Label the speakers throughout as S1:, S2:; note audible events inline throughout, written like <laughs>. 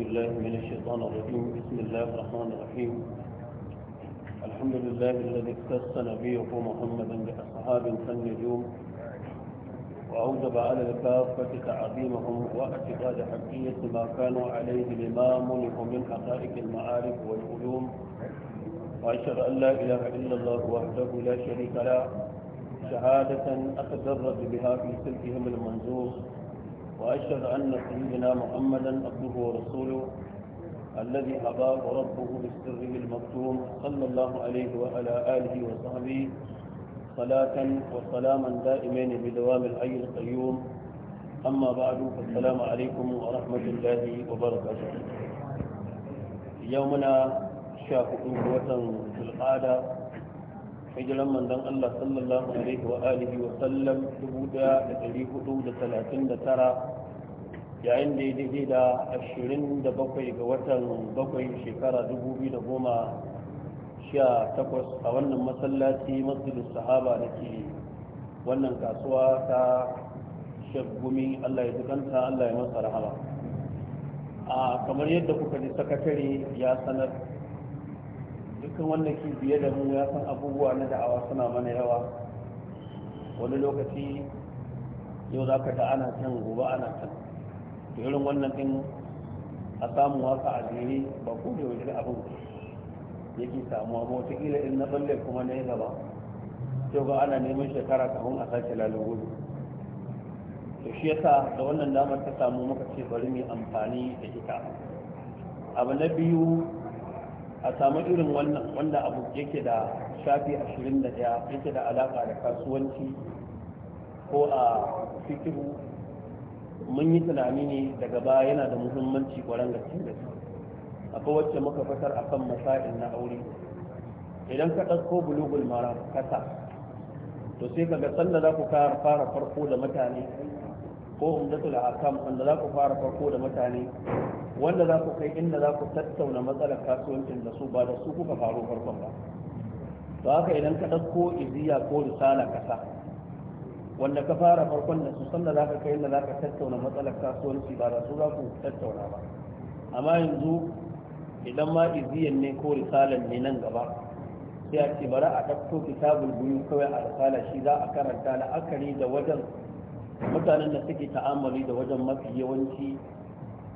S1: بالله من الشيطان الرجيم بسم الله الرحمن الرحيم الحمد لله الذي اختص نبيه محمدا بأصحاب كالنجوم وأوجب على الكافة تعظيمهم واعتقاد حقية ما كانوا عليه لما منحوا من حقائق المعارف والعلوم وأشهد أن لا إله إلا الله وحده لا شريك له شهادة أتدرج بها في سلكهم المنزوم وأشهد أن سيدنا محمدا عبده ورسوله الذي أباه ربه بسره المكتوم صلى الله عليه وعلى آله وصحبه صلاة وسلاما دائمين بدوام الحي القيوم أما بعد فالسلام عليكم ورحمة الله وبركاته يومنا شاهدوا وطن في القادة hijiran manzon Allah sallallahu alaihi wa alihi wa sallam 1439 yayin da ya daidai da 27 ga watan bakwai shekara 2018 a wannan masallaci masjidin sahaba da ke wannan kasuwa ta shaggumi Allah ya zukanta Allah ya masa rahama a kamar yadda kuka ji sakatare ya sanar dukkan wanda ke biye da mu ya san abubuwa na da'awa suna mana yawa wani lokaci yau za ka ana can gobe ana can irin wannan din a samu wasa a jere ba ko da wajen abin yake samuwa ba ila in na balle kuma na yi gaba yau ga ana neman shekara kafin a sake lalubu to shi yasa da wannan damar ta samu muka ce bari mu amfani da ita abu na biyu a samu irin wannan wanda abu yake da shafi 21 yake da alaka da kasuwanci ko a fikiru mun yi tunani ne daga baya yana da muhimmanci kwaran gaske da su akwai wacce muka fasar a kan masa'in na aure idan ka ɗauko bulugul mara kasa to sai ka ga sanda za ku fara farko da mutane ko umdatul akam wanda za ku fara farko da mutane wanda za ku kai inda za ku tattauna matsalar kasuwancin da su ba da su kuka faru farkon ba to haka idan ka ɗauko iziya ko risala kasa wanda ka fara farkon da su sanda za ka kai inda za ka tattauna matsalar kasuwanci ba da su za ku tattauna ba amma yanzu idan ma iziyan ne ko risalan ne nan gaba sai a ce bari a ɗauko kitabul buyu kawai a risala shi za a karanta la'akari da wajen mutanen da suke ta'amali da wajen mafi yawanci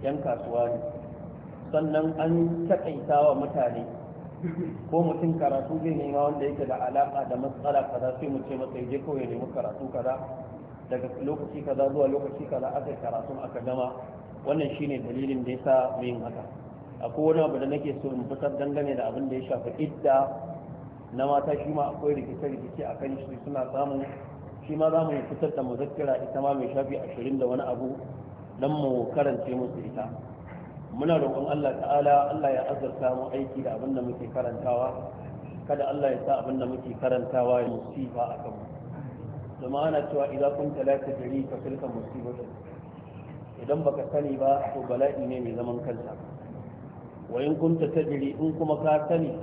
S1: yan kasuwa ne sannan an takaita wa mutane ko mutum karatu zai nema wanda yake da alaƙa da matsala kaza sai mu ce masa je kawai ya nemi karatu kaza daga lokaci kaza zuwa lokaci kaza aka yi karatu aka gama wannan shine dalilin da yasa mu yin haka akwai wani abu da nake so in fitar dangane da abin da ya shafi idda na mata shi ma akwai rikice-rikice a kan shi suna samun shi ma za mu fitar da muzakkira ita ma mai shafi ashirin da wani abu don mu karance musu ita muna roƙon Allah ta'ala Allah ya azurta mu aiki da abin da muke karantawa kada Allah ya sa abin da muke karantawa ya musifa a kanmu zama ana cewa idan kun talata gari ka filka musibatu idan baka sani ba to bala'i ne mai zaman kanta. wa in kunta tajri in kuma ka sani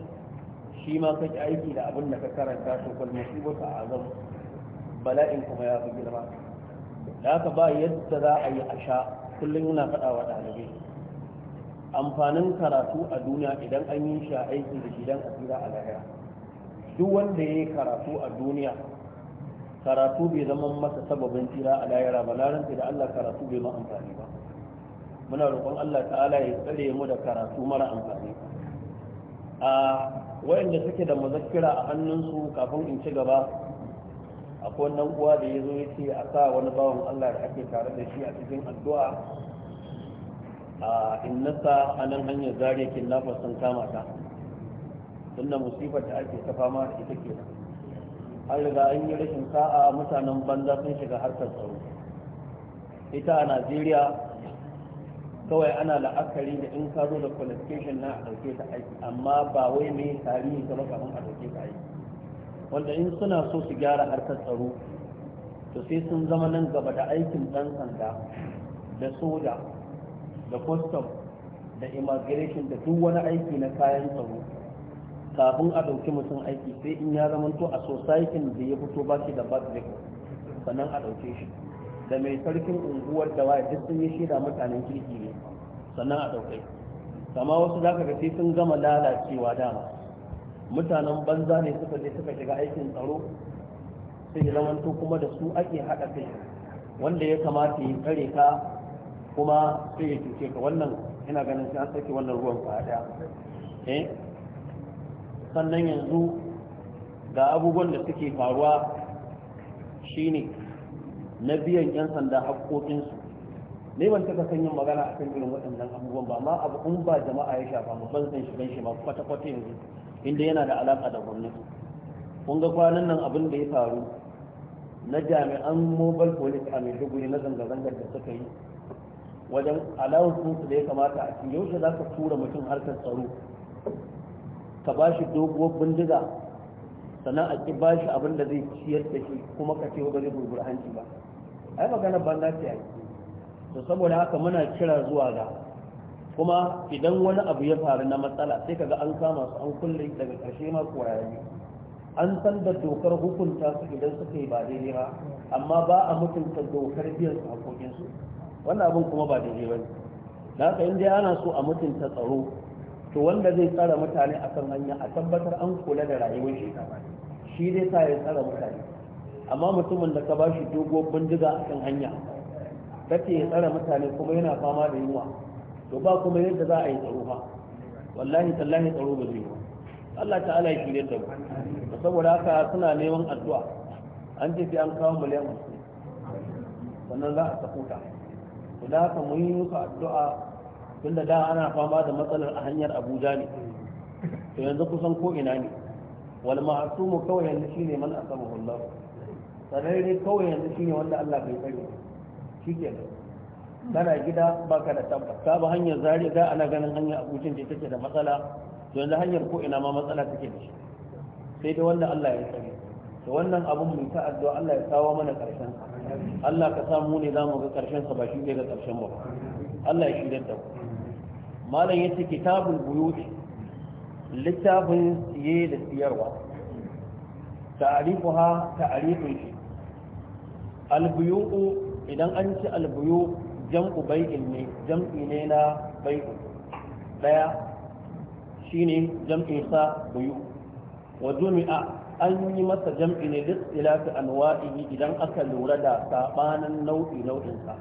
S1: shi ma kake aiki da abin da ka karanta to kul musibatu azam bala'in kuma ya fi girma da aka ba yadda za a yi a sha kullum yana faɗa wa ɗalibai amfanin karatu a duniya idan an yi shi a aiki da gidan asira a lahira duk wanda ya yi karatu a duniya karatu bai zama masa sababin tsira a lahira ba na ranta da Allah karatu bai ma amfani ba muna roƙon Allah ta'ala ya tsare mu da karatu mara amfani a wayanda suke da mazakira a hannunsu kafin in ci gaba akwai wannan uwa da ya zo ya ce a sa wani bawan Allah da ake tare da shi a cikin addu'a a innasa a nan hanyar zariya kidnappers sun kama ta tunda musibar da ake ta fama da ita ke an riga an yi rashin sa'a mutanen banza sun shiga harkar tsaro ita a najeriya kawai ana la'akari da in ka zo da qualification na a ɗauke ta aiki amma ba wai mai tarihi ta ba kafin a dauke ta aiki wanda in suna so su gyara harkar tsaro to sai sun zama nan gaba da aikin ɗan sanda da soja da custom da immigration da duk wani aiki na kayan tsaro kafin a ɗauki mutum aiki sai in ya zama to a ne da ya fito ba shi da backdrip sannan a ɗauke shi da mai sarkin unguwar da waya duk sun yi shaida mutanen kirki ne sannan a ɗauke kama wasu za ka ga sai sun gama lalacewa dama mutanen banza ne suka je suka shiga aikin tsaro sai ya zamanto kuma da su ake haɗa kai wanda ya kamata ya kare ka kuma sai ya cuce ka wannan ina ganin sai an sake wannan ruwan fada eh sannan yanzu ga abubuwan da suke faruwa shine na biyan 'yan sanda haƙoƙinsu ne ban taka san yin magana kan irin waɗannan abubuwan ba amma abu in ba jama'a ya shafa mu ban san shi ban shi ma kwata-kwata yanzu inda yana da alaƙa da gwamnati kun ga kwanan nan abin da ya faru na jami'an mobile police a maiduguri na zanga-zangar da suka yi wajen alawar da ya kamata a cikin yaushe za ka tura mutum harkar tsaro ka ba shi doguwar bindiga sannan a ki ba shi abin da zai ciyar da shi kuma ka ce ba zai hanci ba ai magana na ce a to saboda haka muna kira zuwa ga kuma idan wani abu ya faru na matsala sai kaga an kama su an kulle daga ƙarshe ma koyaye an san da dokar hukunta su idan suka yi ba daidai ba amma ba a mutunta dokar biyan su hakokin su wannan abin kuma ba daidai ba da haka in dai ana so a mutunta tsaro to wanda zai tsara mutane a kan hanya a tabbatar an kula da rayuwar shi shi zai sa ya tsara mutane amma mutumin da ka ba shi doguwar bindiga a kan hanya kake ya tsara mutane kuma yana fama da yunwa to ba kuma yadda za a yi tsaro ba wallahi tallahi tsaro ba zai ba Allah ta'ala ya shirye da Ba saboda haka suna neman addu'a an ce sai an kawo miliyan hamsin sannan za a sako ta to da haka mun yi musu addu'a tunda da ana fama da matsalar a hanyar Abuja ne to yanzu kusan ko ina ne wal ma'sumu kawai yanzu shine man asabahu Allah ne kawai yanzu shine wanda Allah bai tsare shi kenan kana gida baka da tabbas ka ba hanyar zari za ana ganin hanyar abucin ce take da matsala yanzu hanyar ko ina ma matsala take da shi sai dai wanda Allah ya tsare to wannan abun mu ta addu'a Allah ya kawo mana karshen Allah ka sa mu ne za mu ga karshen sa ba shi zai ga karshen ba Allah ya shirya da malam yace kitabul buyut littafin siye da siyarwa ta'arifuha ta'rifun shi al-buyu'u idan an ci al-buyu' jam'u bai'in ne jam'i ne na ɗaya daya shine jam'in sa buyu wa jumi'a an yi masa jam'i ne duk ilafi anwa'ihi idan aka lura da saɓanin nau'i nau'in sa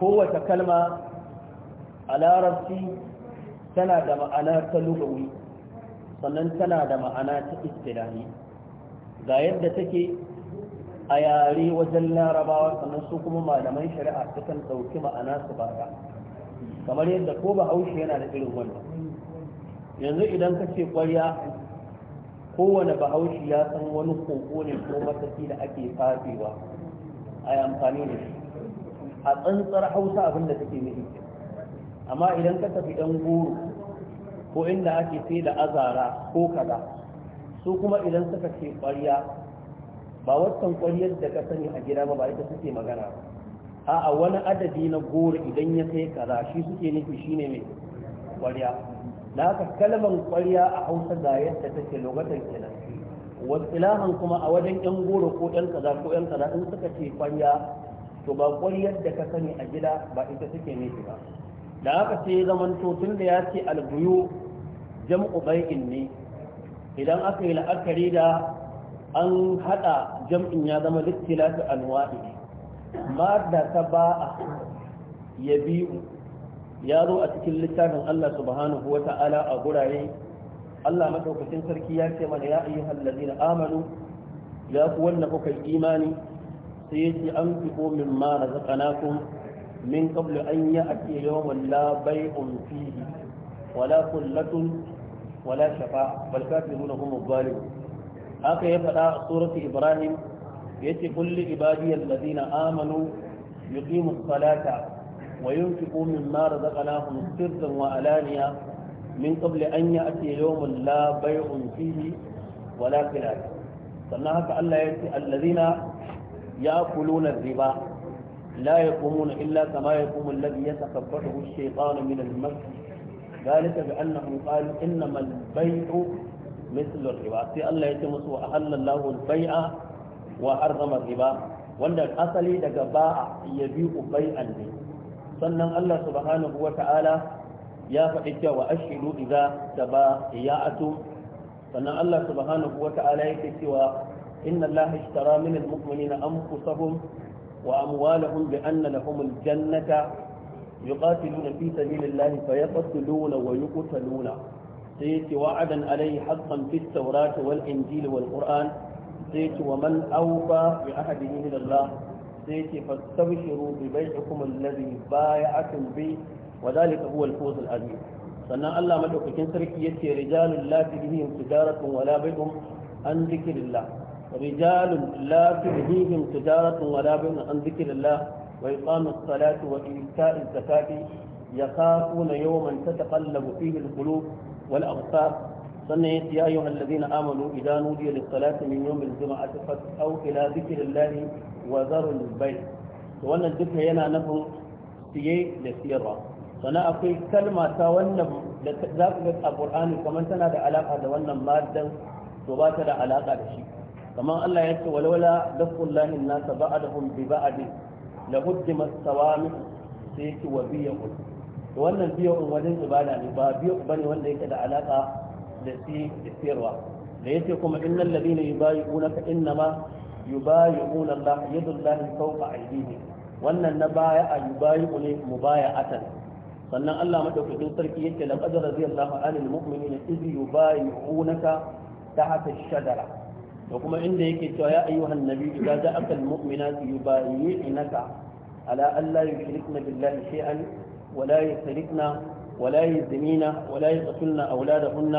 S1: kowace kalma a larabci tana da ma'ana ta lugawi sannan tana da ma'ana ta istilahi ga yadda take a yare wajen larabawa sannan su kuma malaman shari'a sukan ɗauki ma'ana su baya kamar yadda ko ba haushe yana da irin wannan yanzu idan ka ce ƙwarya kowane bahaushe ya san wani koko ne ko mataki da ake fafewa a yi amfani da shi a tsantsar hausa abin da take nufi amma idan ka tafi ɗan goro ko inda ake sai da azara ko kaza su kuma idan suka ce ƙwarya ba wancan ƙwaryar da ka sani a gida ba ba ita suke magana a a wani adadi na goro idan ya kai kaza shi suke nufi shine mai ƙwarya da haka kalmar ƙwarya a hausa ga yadda take lokacin kenan ilahan kuma a wajen yan goro ko yan kaza ko yan kaza in suka ce ƙwarya to ba ƙwaryar da ka sani a gida ba ita suke nufi ba
S2: da haka sai
S1: zamanto tun da ya ce albuyu jam'u bai'in ne idan aka yi la'akari da an hada jam'in ya zama littilafi alwai madda ta ba'a ya biyu ya zo a cikin littafin Allah subhanahu wa ta'ala a gurare Allah madaukakin sarki ya ce mana ya ayyuhal na amanu ya ku wanda kuka yi imani sai yace an fiko mimma razaqnakum min qablu an ya'ti yawman la bay'un fihi wala kullatun wala shafa'a bal kafiruna hum kuma dhalimun haka ya faɗa a suratu ibrahim yace kulli ibadiyal ladina amanu yuqimus salata wa yunfiqu mimma razaqnahum sirran wa alaniya min qabli an ya'ti yawmun la bay'un fihi wala khilal sannan haka Allah yace alladina ya'kuluna riba لا يقومون إلا كما يقوم الذي يتكبره الشيطان من المسجد ذلك بأنهم قالوا إنما البيع mislur riba sai Allah ya ce musu wa halallahu al-bai'a wa harrama riba wanda asali daga ba'a ya bi bai'an ne sannan Allah subhanahu wa ta'ala ya faɗi cewa ashidu idza tabaya'atu sannan Allah subhanahu wa ta'ala yake cewa inna Allah ishtara min al-mu'minina anfusahum wa amwalahum bi anna lahum al-jannata yuqatiluna fi sabilillahi fayaqtuluna wa yuqtaluna sai ce wa'adan alaihi haqqan fit tawrat wal injil wal qur'an sai ce wa man awfa bi ahadihi min Allah sai ce fastabshiru bi bai'ikum alladhi bai'atum bi wa dhalika huwa al fawz al azim sannan Allah madaukakin sarki yace rijalul la tihim tijaratun wala bai'um an dhikrillah rijalul la tihim tijaratun wala bai'um an dhikrillah wa iqamus salati wa ita'iz zakati يخافون يوما تتقلب فيه القلوب والأبصار صنعت يا أيها الذين آمنوا إذا نودي للصلاة من يوم الجمعة أو إلى ذكر الله وذروا البيت وأن الذكر ينا نفهم سيئ لسيرة فأنا أقول كلمة تولم ذاك القرآن كمان تنا ده علاقة ده وأن مادة وبات ده علاقة ده شيء كمان الله يقول ولولا دفع الله الناس بعدهم ببعد لهدمت صوامع سيك وبيع wannan biyo in wajen ibada ne ba biyo bane wanda yake da alaka da si da siyarwa da yace kuma innal ladina ka innama yubayyi'una Allah yadullahi fawqa aydihim wannan na baya a yubayyi'u ne mubaya'atan sannan Allah madaukakin sarki yake laqad radiyallahu anil mu'minina iz yubayyi'unaka tahta ash-shajara da kuma inda yake cewa ya ayyuhan nabi idza ja'aka al-mu'minatu yubayyi'unaka ala an la yushrikna billahi shay'an ولا يسرقن ولا يزنين ولا يقتلن أولادهن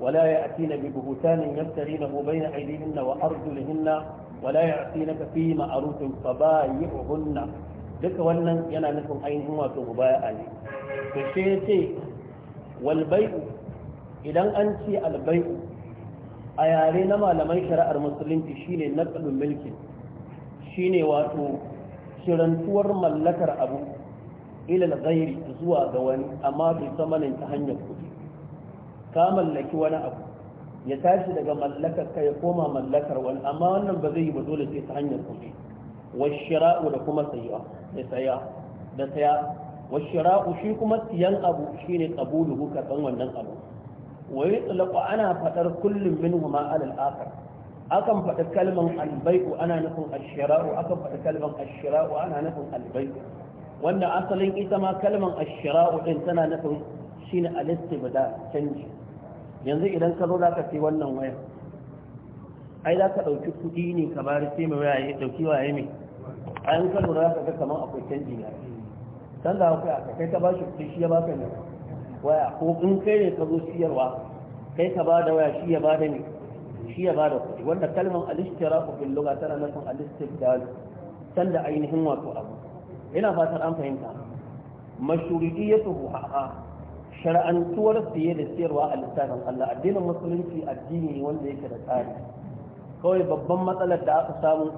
S1: ولا يأتين ببهتان يفترينه بين أيديهن وأرجلهن ولا يعصينك في معروف فبايعهن duka wannan yana nufin ainihin wato mubaya'a ne to shi yace wal idan an ce al a yare na malaman shari'ar musulunci shine naqlul mulki shine wato shirantuwar mallakar abu ilal ghairi zuwa ga wani amma bai samanin ta hanyar kuɗi ka mallaki wani abu ya tashi daga mallakar ka ya koma mallakar wani amma wannan ba zai yi ba dole sai ta hanyar kuɗi washira'u da kuma saya da saya da saya washira'u shi kuma siyan abu shine qabuluhu ka san wannan abu wa yutlaqu ana fadar kullum minhuma ma al-akhar akan faɗi kalman albai'u ana nufin ashira'u akan faɗi kalman ashira'u ana nufin albai'u wanda asalin ita ma kalman ashira'u din tana nufin shine al-istibda canji yanzu idan ka zo za ka sai wannan waya ai za ka ɗauki kuɗi ne ka bari sai mai waya ya ɗauki waye mai a yan kan lura ka ga kamar akwai canji na san da akwai aka kai ka ba shi kuɗi shi ya baka ne waya ko in kai ne ka zo siyarwa kai ka ba da waya shi ya ba da ne shi ya ba da kuɗi wanda kalmar alishtira ko bin lugha tana nufin alistibdal san sanda ainihin wato abu ina fatan an fahimta mashurudiyatuhu ha'a shar'antuwar siye da siyarwa a littafin Allah addinin musulunci addini ne wanda yake da tsari kawai babban matsalar da aka samu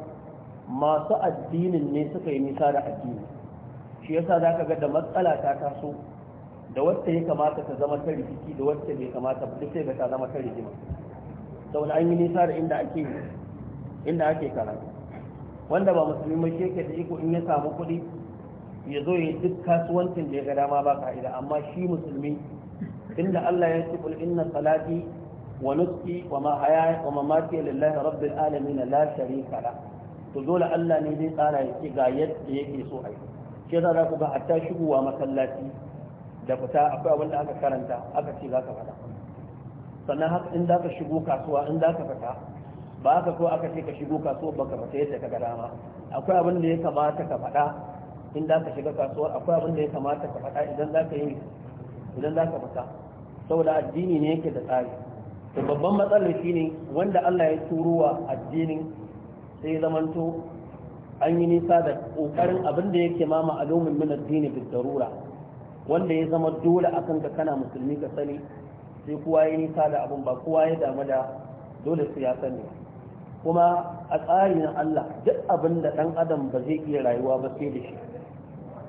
S1: masu addinin ne suka yi nisa da addini shi yasa za ka ga da matsala ta taso da wacce ya kamata ta zama ta rikici da wacce bai kamata ba sai ga ta zama ta rigima saboda an yi nisa da inda ake inda ake karatu wanda ba musulmi mai shi yake da iko in ya samu kuɗi ya zo ya duk kasuwancin da ya ga dama ba ka'ida amma shi musulmi inda Allah ya ce kul inna salati wa nusuki wa mahaya wa mamati lillahi rabbil alamin la sharika la to dole Allah ne zai tsara ya ce ga yadda yake so ai shi yasa za ku ga hatta shigowa masallaci da fita akwai abin da aka karanta aka ce za ka fada sannan haka in za ka shigo kasuwa in za ka fita ba ka so aka ce ka shigo kasuwa ba ka fita yadda ka ga dama akwai abin da ya kamata ka faɗa in za ka shiga kasuwar akwai abin da ya kamata ka faɗa idan za ka yi idan za ka fita saboda addini ne yake da tsari to babban matsalar ne wanda Allah ya turowa addinin sai zamanto an yi nisa da kokarin abin da yake mama alumin min addini bi darura wanda ya zama dole akan ka kana musulmi ka sani sai kowa ya nisa da abin ba kowa ya damu da dole su ya sani kuma a tsarin Allah duk abin da dan adam ba zai iya rayuwa ba sai da shi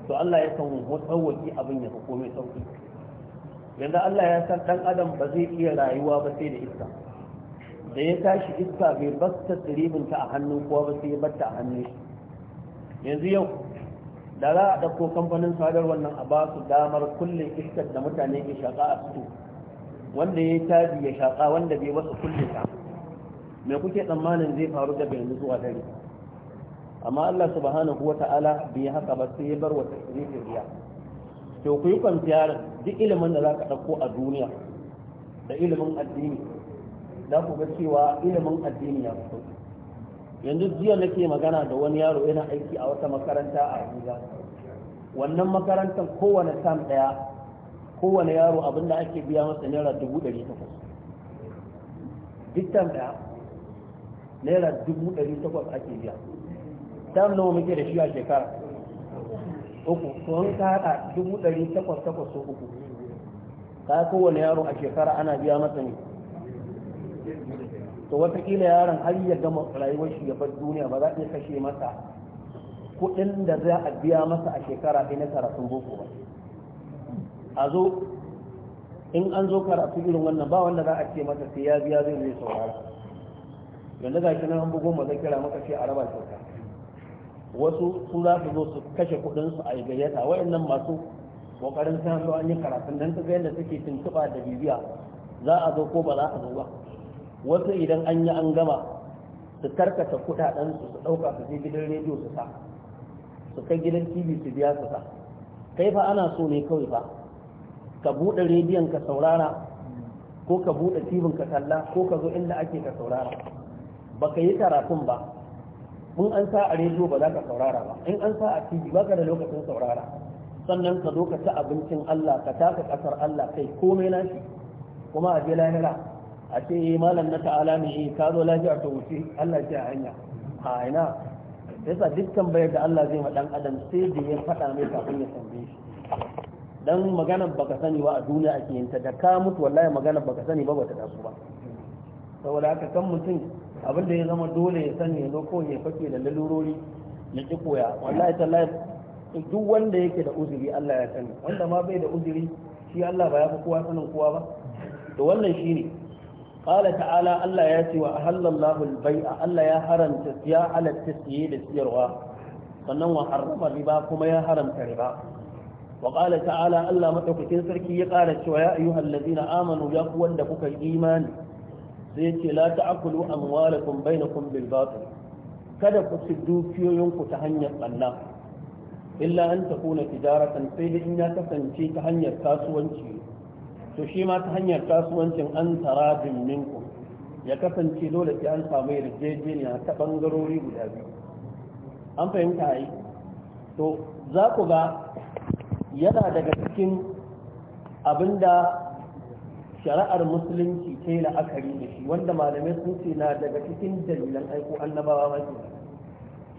S1: to Allah ya san tsawaki abin ya fi komai sauki yanzu Allah ya san dan adam ba zai iya rayuwa ba sai da iska da ya tashi iska bai basta tsiribinta a hannun kowa ba sai ya batta a hannun shi yanzu yau da za a ɗauko kamfanin sadarwar nan a ba su damar kullum iskar da mutane ke shaƙa a su wanda ya tabi ya shaƙa wanda bai wasu kulle ta me kuke tsammanin zai faru da bai zuwa dare amma Allah subhanahu wata'ala bai yi haka ba sai ya bar wata zai riya to ku yi kwantiyar duk ilimin da zaka dauko a duniya da ilimin addini za ku ga cewa ilimin addini ya fito yanzu jiya nake magana da wani yaro yana aiki a wata makaranta a Abuja wannan makarantar kowane sam daya kowane yaro abin da ake biya masa naira dubu ɗari takwas duk sam daya naira dubu ɗari takwas ake biya tam nawa muke da shi a shekara uku to in ka haɗa dubu ɗari takwas takwas so uku ka kowane yaro a shekara ana biya masa ne to watakila yaron har ya gama rayuwar shi ya bar duniya ba za a iya kashe masa kuɗin da za a biya masa a shekara ɗaya na karatun boko ba a zo in an zo karatu irin wannan ba wanda za a ce masa sai ya biya zai zai saurara yanzu ga shi nan an bugo kira maka ce a raba kyauta wasu su za su zo su kashe kudin su a gayyata waɗannan masu kokarin sai zo an yi karatu, dan kaga yadda suke tuntuɓa da bibiya za a zo ko ba za a zo ba wasu idan an yi an gama su karkata kudaden su su ɗauka su je gidan rediyo su sa su kai gidan tv su biya su sa kai fa ana so ne kawai fa ka buɗe rediyon ka saurara ko ka buɗe tibin ka kalla ko ka zo inda ake ka saurara ba ka yi karatun ba Mun an sa a rediyo ba za ka saurara ba in an sa a tv ba ka da lokacin saurara sannan ka zo ka ci abincin Allah ka taka kasar Allah kai komai nashi kuma a je lahira a ce yi eh, malam na ta'ala ne yi ka zo lafiya ta wuce Allah ce a hanya a ina yasa dukkan bayar da Allah zai ma dan adam sai da ya faɗa mai kafin ya tambaye shi dan maganar baka sani ba a duniya ake yin ta da ka mutu wallahi maganar baka sani ba bata daku ba saboda haka kan mutum abin da ya zama dole ya sani ya zo kawai ya fake da lalurori ya ki koya wallahi tallahi duk wanda yake da uzuri Allah ya sani wanda ma bai da uzuri shi Allah ba ya fi kowa sanin kowa ba to wannan shine qala ta'ala Allah ya ce wa ahallallahu al-bai'a Allah ya haramta siya ala tasiye da siyarwa sannan wa harrama riba kuma ya haramta riba wa qala ta'ala Allah madaukakin sarki ya ƙara cewa ya ayyuhal ladina amanu ya ku wanda kuka imani zai ce la ta'kulu amwalakum bainakum bil batil kada ku ci dukiyoyinku ta hanyar Allah illa an takuna tijaratan sai da in ya kasance ta hanyar kasuwanci to shi ma ta hanyar kasuwancin an taradin minku ya kasance dole sai an samu yarjejeniya ta bangarori guda biyu an fahimta yi to za ku ga yana daga cikin abinda shari'ar musulunci ta yi la'akari da shi wanda malamai sun ce na daga cikin dalilan aiko annabawa ba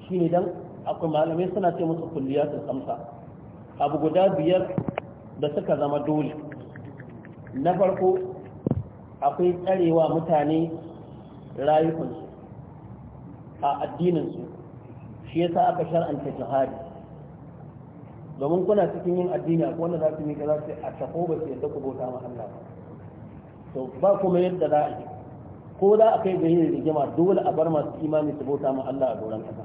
S1: shi ne don akwai malamai suna ce musu kulliya su samsa abu guda biyar da suka zama dole na farko akwai tsarewa mutane rayukansu a addininsu shi yasa aka shar'anta jihadi domin kuna cikin yin addini a wanda za su miƙa za su a taho ba su yadda ku bauta ma Allah ba to ba kuma yadda za a yi ko za a kai ga yin rigima dole a bar masu imani su bauta ma Allah a doron ƙasa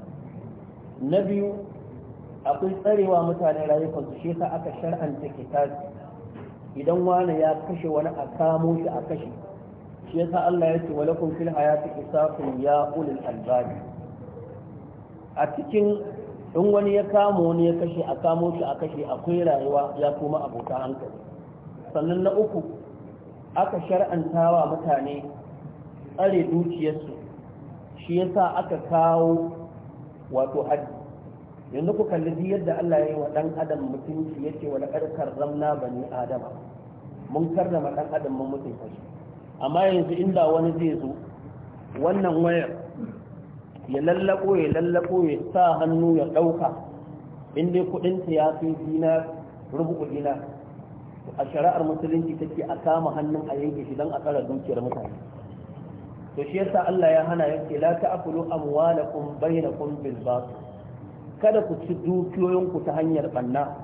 S1: na biyu akwai tsarewa mutane rayukansu shi yasa aka shar'anta tasi. idan wani ya kashe wani a kamo shi a kashe shi yasa Allah ya ce walakum fil hayati qisasum ya ulul albab a cikin in wani ya kamo wani ya kashe a kamo shi a kashe akwai rayuwa ya kuma abota hankali sannan na uku aka shar'antawa mutane tsare dukiyarsu shi yasa aka kawo wato haji yanzu ku kalli yadda Allah ya yi wa dan adam mutunci yace wa laqad karramna bani adama mun karrama dan adam mun mutunta shi amma yanzu inda wani zai zo wannan wayar ya lallako ya lallako ya sa hannu ya ɗauka inda dai kudin ta ya fi dinar rubu dinar a shari'ar musulunci take a kama hannun a yanke shi don a tsara dukiyar mutane to shi yasa Allah ya hana ya yake la ta'kulu amwalakum bainakum bil batil kada ku ci dukiyoyinku ta hanyar banna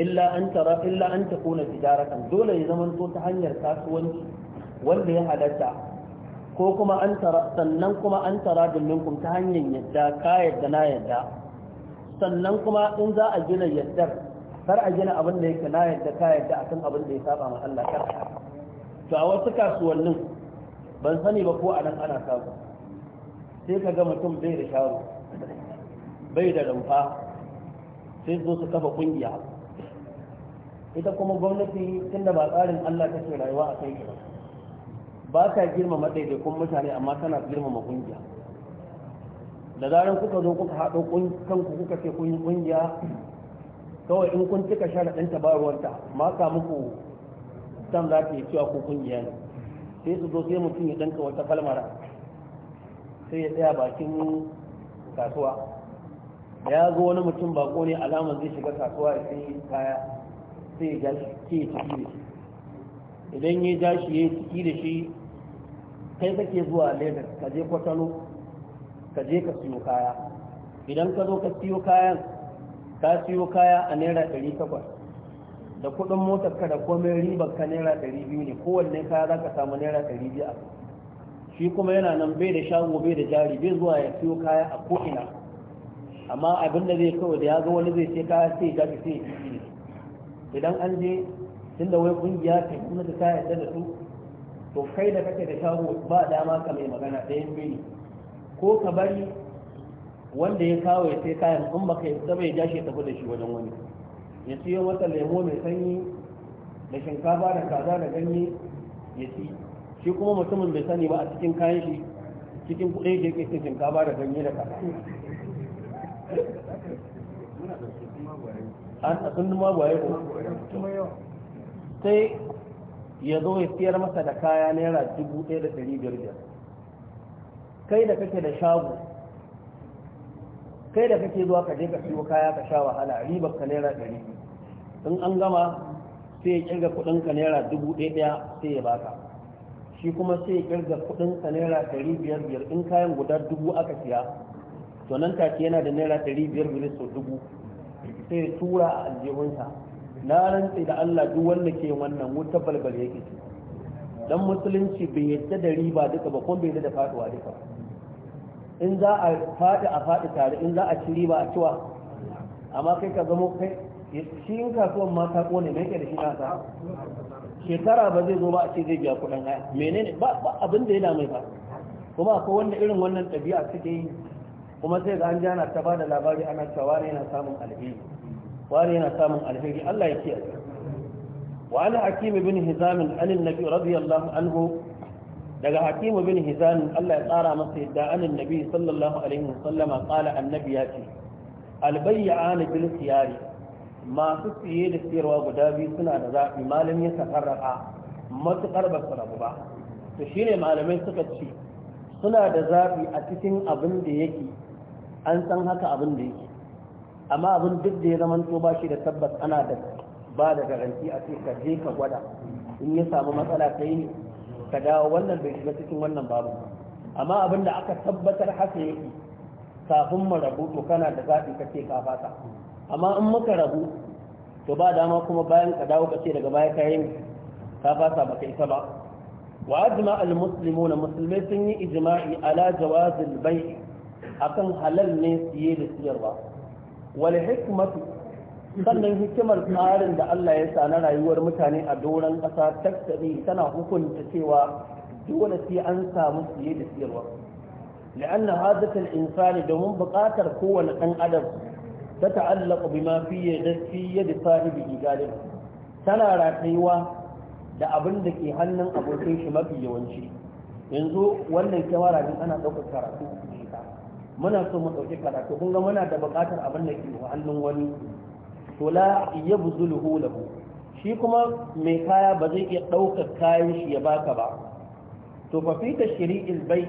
S1: illa an tara illa an takuna tijaratan dole ya zama to ta hanyar kasuwanci wanda ya halatta ko kuma an tara sannan kuma an tara minkum ta hanyar yadda ka yadda na yadda sannan kuma in za a gina yaddar kar a gina abin da yake na yadda ka yadda a kan abin da ya saba ma Allah kar to a wasu kasuwannin ban sani ba ko a nan ana samu sai ka ga mutum bai da sharo bai da rumfa sai zo su kafa kungiya ita kuma gwamnati tunda ba tsarin Allah ta ce rayuwa a kai ba ta girmama kun mutane amma tana girmama kungiya da zarar kuka zo kuka haɗo kanku kuka ce kun yi kungiya kawai in kun cika ɗin ta baruwarta maka muku san za ta yi cewa ko kungiya ne sai su zo sai mutum ya danka wata kalmara sai ya tsaya bakin kasuwa ya zo wani mutum bako ne alama zai shiga kasuwa ya sai kaya sai ya jashi ke ciki da shi idan ya jashi ya ciki da shi kai kake zuwa ledar ka je kwatano ka je ka siyo kaya idan ka zo ka siyo kayan ka siyo kaya a naira ɗari takwas da kuɗin motar ka da komai ribar ka naira ɗari biyu ne kowanne kaya za ka samu naira ɗari biyu a shi kuma yana nan bai da shago bai da jari bai zuwa ya siyo kaya a ko'ina amma abin da zai kawai da ya ga wani zai sai kaya sai ya sai ya ne idan an je da wai kungiya ce kuma ta ta yarda da su to kai da kake da shago ba dama ka mai magana ɗayan bai ko ka bari wanda ya kawo ya sai kayan in baka yi bai ja shi tafi da shi wajen wani ya siyo wata lemo mai sanyi da shinkafa da kaza da ganye ya ci shi kuma mutumin bai sani ba a cikin kayan shi cikin kuɗi da yake cikin shinkafa da ganye da kaza an a sun ma gwaye ko sai ya zo ya siyar masa da kaya naira dubu ɗaya da ɗari biyar kai da kake da shago kai da kake zuwa ka je ka siyo kaya ka sha wahala ribar ka naira ɗari in an gama sai ya kirga kuɗin ka naira dubu ɗaya ɗaya sai ya baka shi kuma sai ya kirga kuɗin ka naira ɗari biyar biyar in kayan guda dubu aka siya to nan take yana da naira ɗari biyar biyar sau dubu sai ya tura a aljihunsa na rantsi da Allah duk wanda ke wannan wuta balbal yake dan musulunci bai yadda da riba duka ba kuma bai yadda da faɗuwa duka ba in za a faɗi a faɗi tare in za a ci ba a ciwa amma kai ka zama kai shi in kasuwan ma ta ƙone mai ke da shi nasa shekara ba zai zo ba a ce zai biya kuɗin haya menene ba abin da ya dame ba kuma ko wanda irin wannan ɗabi'a suke yi kuma sai ga an ji ana ta ba da labari ana cewa wani yana samun alheri wani yana samun alheri Allah ya ce wa ana hakimi bin hizamin anin nabi radiyallahu anhu daga hakimu bin hizan Allah ya tsara masa yadda anin nabi sallallahu alaihi wasallama qala annabi ya ce albayyana bil khiyari masu siye da siyarwa guda biyu suna da zaɓi malam ya tafarraka matuƙar ba su rabu ba to shine malamai suka ce suna da zaɓi a cikin abin da yake an san haka abin da yake amma abin duk da ya zama to ba shi da tabbas ana da ba da garanti a cikin ka je ka gwada in ya samu matsala yi ne ka dawo wannan bai shiga cikin wannan babu amma abin da aka tabbatar haka yake kafin mu rabu to kana da zaɓi ce ka fata amma in muka rabu to ba dama kuma bayan ka dawo ce daga baya ka yi ka fata baka isa ba wa ajma al muslimuna musulmai sun yi ijma'i ala jawazil bai akan halal ne siye da siyarwa wal hikmatu sannan hikimar tsarin da Allah ya sa na rayuwar mutane a doron ƙasa tattabi tana hukunta cewa dole sai an samu siye da siyarwa la'anna hadatul insani domin buƙatar kowane ɗan adam ta ta'allaqu bima fi yadihi yadi sahibi galib tana ratayuwa da abin da ke hannun abokin shi mafi yawanci yanzu wannan kyamara din ana ɗauka karatu muna so mu ɗauki karatu kun ga muna da buƙatar abin da ke hannun wani to la yabzuluhu lahu shi kuma mai kaya ba zai iya ɗaukar kayan shi ya baka ba to fa fi tashri'il bai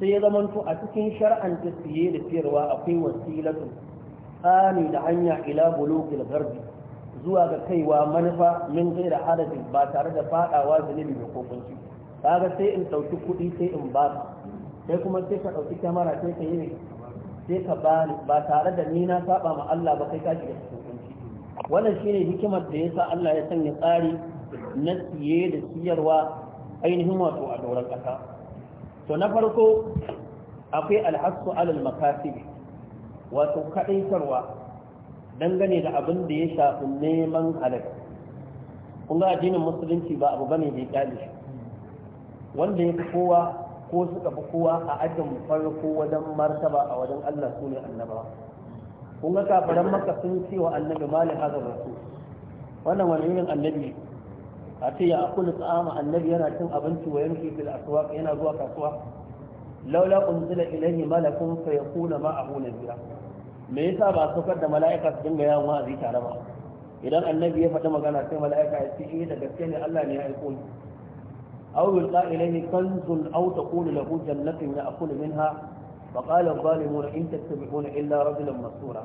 S1: sai ya zamanto a cikin shar'an ta siye da siyarwa akwai wasilatu tsani da hanya ila bulugil gharbi zuwa ga kaiwa manufa min gaira adadin ba tare da fadawa zunubi da kokunci kaga sai in ɗauki kuɗi sai in ba sai kuma sai ka ɗauki kyamara sai ka yi sai ka ba ba tare da ni na saba ma Allah ba kai ka shiga cikin wannan shine hikimar da ya sa Allah ya sanya tsari na siye da siyarwa ainihin wato a doron ƙasa to na farko akwai alhassu alal makasibi wato kaɗaitarwa dangane da abin da ya shafi neman halal kun ga addinin musulunci ba abu bane da ya kyale shi wanda ya fi kowa ko suka fi kowa a ajin farko wajen martaba a wajen Allah su ne annabawa kun ga kafaran maka sun ce wa annabi mali hazar rasu wannan wani irin annabi a ce ya akulu tsama annabi yana cin abinci wa yanki fil aswaq yana zuwa kasuwa laula unzila ilayhi malakun fa yakuna ma'ahu nadira me yasa ba saukar da mala'ika su dinga yawon wa'azi tare ba idan annabi ya faɗi magana sai mala'ika ya ce eh, da gaske ne Allah ne ya aiko ni aw yulqa ilayhi kanzun aw taqulu lahu jannatun ya'kulu minha وقال الظالمون إن تتبعون إلا رجلا مسورا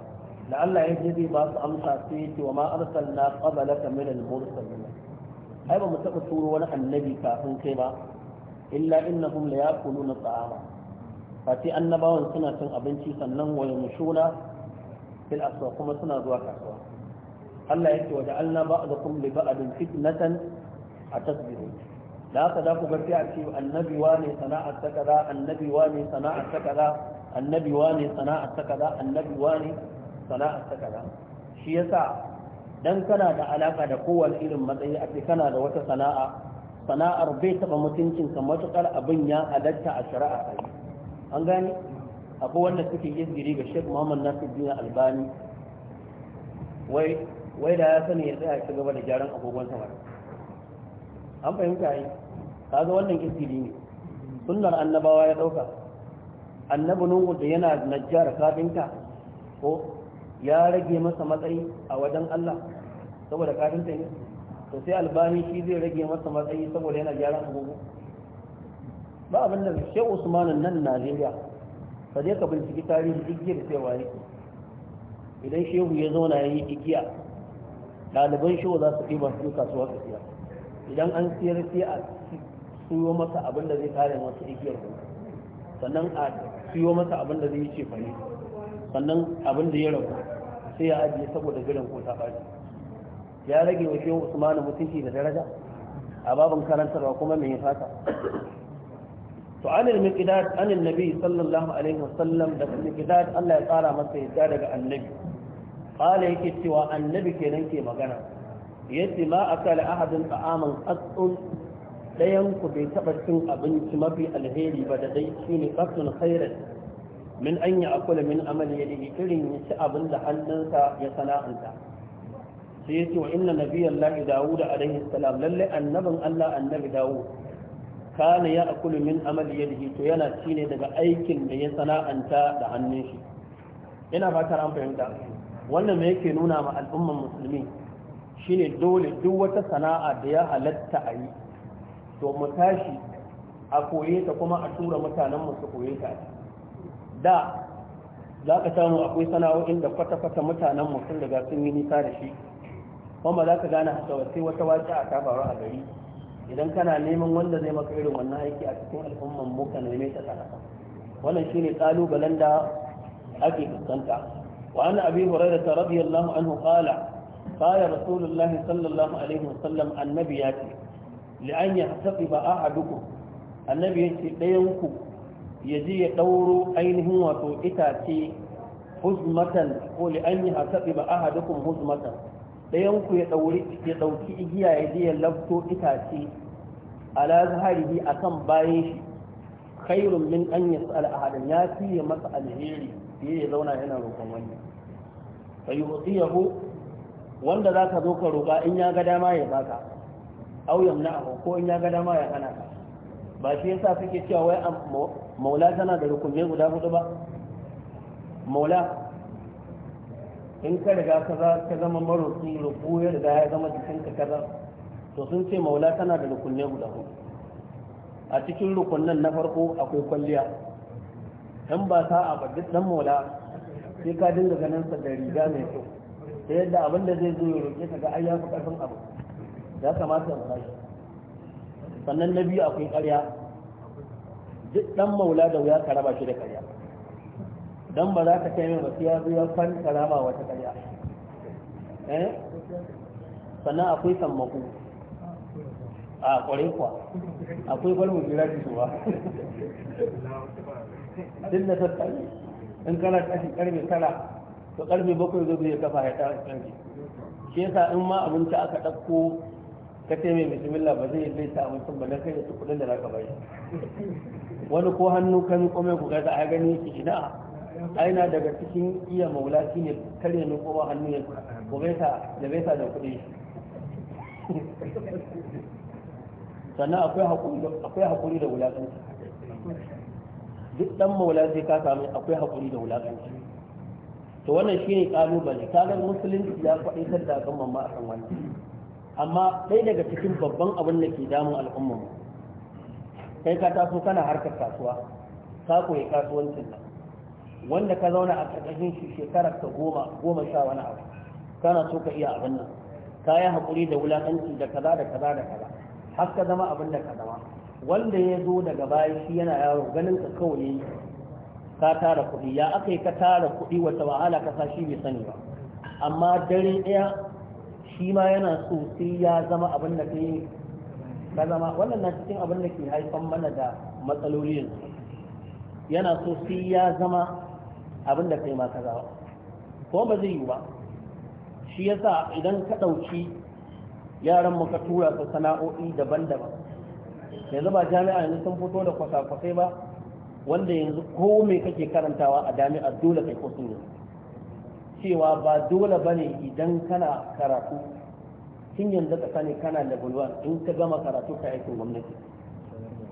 S1: لعل يجري باس أمسى فيك وما أرسلنا قبلك من المرسلين أيضا متأثور ونحن النبي كافن كما إلا إنهم ليأكلون الطعام فاتي النباون سنة أبنتي سنن ويمشون في الأسواق كما سنة ذواك أسواق الله يجي وجعلنا بعضكم لبعض فتنة أتصبرون da haka za ku ga sai a ce annabi wane sana'ar ta kaza annabi wane sana'ar ta kaza annabi wane sana'ar ta kaza annabi wane sana'ar ta kaza shi yasa dan kana da alaka da kowane irin matsayi a ce kana da wata sana'a sana'ar bai taba mutuncin ka matukar abin ya halatta a shari'a a yi an gane akwai wanda suke izgiri ga Sheikh Muhammad Nasiruddin Albani wai wai da ya sani ya tsaya ci gaba da gyaran agogon samar an fahimta yi kaga wannan isiri ne sunnar annabawa ya dauka annabi nuhu da yana najjar kafinta ko ya rage masa matsayi a wajen Allah saboda kafinta ne to sai albani shi zai rage masa matsayi saboda yana gyaran agogo ba abin da shi usmanu nan najeriya ka je ka binciki tarihi igiyar sai wani idan shehu ya zauna ya yi igiya ɗaliban shehu za su ɗiba su kasuwa su siya idan an siyar sai a siyo masa abin da zai kare masa igiyar sannan a siyo masa abin da zai ce fari sannan abin da ya rabu sai ya ajiye saboda gidan ko ta ɓaci ya rage wa shehu usmanu mutunci da daraja a babin karantarwa kuma mai fata to anil miqdad anil nabi sallallahu alaihi wasallam da miqdad Allah ya tsara masa yadda daga annabi qala yake cewa annabi kenan ke magana yace ma akala ahadun ta'aman qatun ɗayan ku bai taɓa cin abinci mafi alheri ba da dai shi ne ƙasun khairat min an yi akula min amali ya digi irin ya ci abin da hannunsa ya sana'anta sai ya ce wa inna nabiyan dawo da alaihi salam lalle annabin allah annabi dawo? kana ya akulu min amali ya digi to yana ci ne daga aikin da ya sana'anta da hannun shi ina fatar an fahimta wannan me yake nuna ma al'umman musulmi shine dole duk wata sana'a da ya halatta a yi to mu tashi a koye ta kuma a tura mutanenmu su koye ta da za ka samu akwai sana'o'in da kwata-kwata mutanenmu mu sun daga sun yi nisa da shi kuma za ka gane hasawa sai wata wace a tabaru a gari idan kana neman wanda zai maka irin wannan aiki a cikin al'umman mu ka neme ta sadaka wannan shine kalubalen da ake fuskanta wa an abi hurairah radiyallahu anhu qala qala rasulullahi sallallahu alaihi wasallam annabi ya ce li'an ya tafi ba a annabi yace ɗayanku ya ji ya ɗauro ainihin wato itace huzmatan ko li'an ya ba a huzmatan ya ɗauki igiya ya je ya lafto itace ala zaharihi akan bayan shi khairun min an yas'al ahadan ya fiye masa alheri fiye ya zauna yana roƙon wani fa yu'tiyahu wanda zaka zo ka roƙa in ya ga dama ya baka au na abu ko in ya ga dama ya hana ka ba shi yasa suke cewa wai maula tana da rukunne guda hudu ba maula in ka riga kaza ka zama maroki ruku ya riga ya zama jikinka kaza to sun ce maula tana da rukunne guda hudu a cikin rukunnan na farko akwai kwalliya in ba ta a duk dan maula sai ka dinga ganin sa da riga mai kyau ta yadda abin da zai zo ya roƙe ka ga ayyafa ƙarfin abu ya kamata ya tashi sannan na biyu akwai ƙarya duk ɗan maula da wuya ka raba shi da ƙarya dan ba za ka kai mai wasu ya zo ya fan karama wata ƙarya eh sannan akwai sammako a ƙware kuwa akwai balmu jira ki zuwa duk da tattali in kana tashi karfe tara to karfe bakwai zo bai kafa ya tara karfe shi yasa in ma abinci aka ɗauko ka ce mai bismillah ba zai bai ta abincin ba dan kai da kudin da zaka bai wani ko hannu kan kome ku gaza a gani ki ina aina daga cikin iya maula shine kare ni ko hannu ya ko bai ta da bai ta da kudi sannan akwai hakuri akwai hakuri da wulakanci duk dan maula zai ka samu akwai hakuri da wulakanci to wannan shine kalubale kalan musulunci ya faɗi da kan mamma kan wannan amma ɗaya daga cikin babban abin da ke damun al'ummar kai ka taso kana harkar kasuwa ka koyi kasuwancin nan wanda ka zauna a ƙarƙashin shi shekarar ka goma goma sha wani abu kana so ka iya abin nan ka yi haƙuri da wulaƙanci da kaza da kaza da kaza har ka zama abin da ka zama wanda ya zo daga baya shi yana yaro ganin ka kawai ka tara kuɗi ya aka yi ka tara kuɗi wata wahala ka sa shi bai sani ba amma dare ɗaya shi ma yana so sai ya zama abin da kai ka zama wannan na cikin abin da ke haifan mana da matsaloli yanzu yana so sai ya zama abin da kai ma ka zama ko ba zai yi ba shi yasa idan ka ɗauki yaran mu ka tura su sana'o'i daban-daban yanzu ba jami'a yanzu sun fito da kwasa-kwasai ba wanda yanzu ko me kake karantawa a jami'a dole kai ko sun cewa ba dole ba ne idan kana karatu tun yanzu ka sani kana level 1 in ka gama karatu ka aikin gwamnati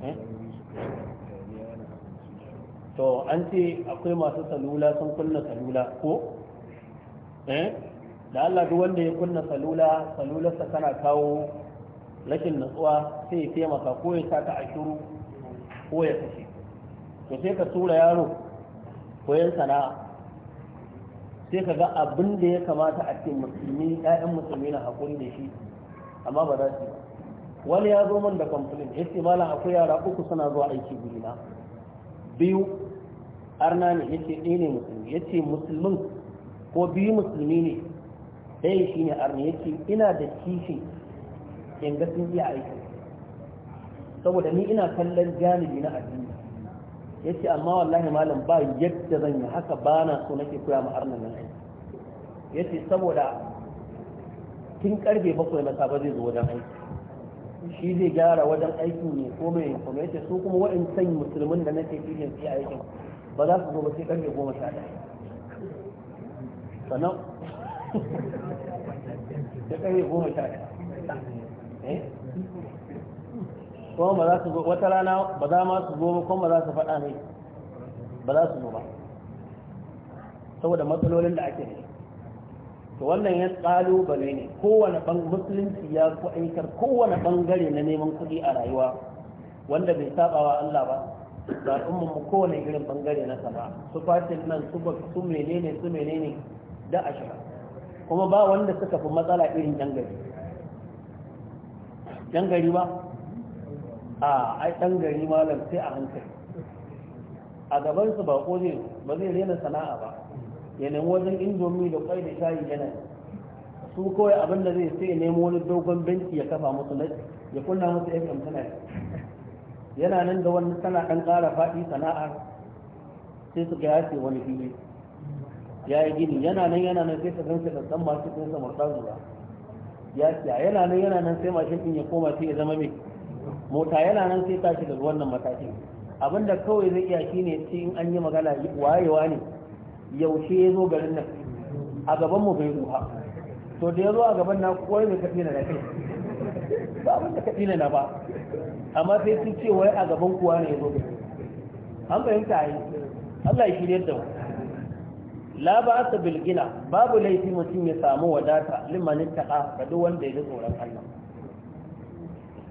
S1: eh? to an ce akwai masu salula sun kunna salula ko eh? da Allah duk wanda ya kunna salula salularsa kana kawo rashin natsuwa sai ya taimaka ko ya sa a shiru ko ya kashe to sai ka tura yaro yan sana'a sai ka ga abin da ya kamata a ce musulmi ƴaƴan musulmi na haƙuri da shi amma ba za su ba wani ya zo man da kamfanin ya ce malam akwai yara uku suna zuwa aiki guri na biyu arna ne ya ce ɗaya ne musulmi ya ce musulmin ko biyu musulmi ne ɗaya shi ne arna ya ce ina da kishi in ga sun iya aiki saboda ni ina kallon janibi na addini ya ce amma wallahi malam ba yadda zan yi haka ba na so nake koya ma arnan nan ya ce saboda kin karfe bakwai na safe zai zo wajen aiki shi zai gyara wajen aiki ne ko mai kuma ya ce su kuma waɗansan musulmin da nake filin su aikin ba za su zo ba sai karfe goma sha ɗaya sannan <laughs> sai karfe goma sha ɗaya eh? kuma ba za su zo wata rana ba za ma su zo kuma ba za su faɗa ne ba za su zo ba saboda matsalolin da ake ne to wannan ya ba ne kowane musulunci ya ku aikar kowane bangare na neman kuɗi a rayuwa wanda bai saba wa Allah ba da umman mu kowane irin bangare na sana'a su fatin nan su su menene su menene da ashira kuma ba wanda suka fi matsala irin dangare gari gari ba a ai dan gari malam sai a hankali a gaban su bako ne ba zai rena sana'a ba Yanayin wajen indomi da kwai da shayi yana su kawai abin da zai sai nemo wani dogon banki ya kafa musu na ya kunna musu fm tana yana nan da wani tana dan kara faɗi sana'ar sai su ga yace wani fili ya yi gini yana nan yana nan sai su gansa da san masu kunsa murɗa zuwa ya yana nan yana nan sai mashin ɗin ya koma sai ya zama mai mota yana nan sai tashi daga wannan matakin abinda kawai zai iya shine sai in an yi magana wayewa ne yaushe ya zo garin nan a gaban mu bai ruha to da ya zo a gaban na kowai mai kafi na kai ba abin da kafi na ba amma sai sun ce wai a gaban kuwa ne ya zo an fahimta yi Allah ya shirya da mu la ba ta bilgina babu laifi mutum ya samu wadata limanin ta'a ga duk wanda ya ji tsoron Allah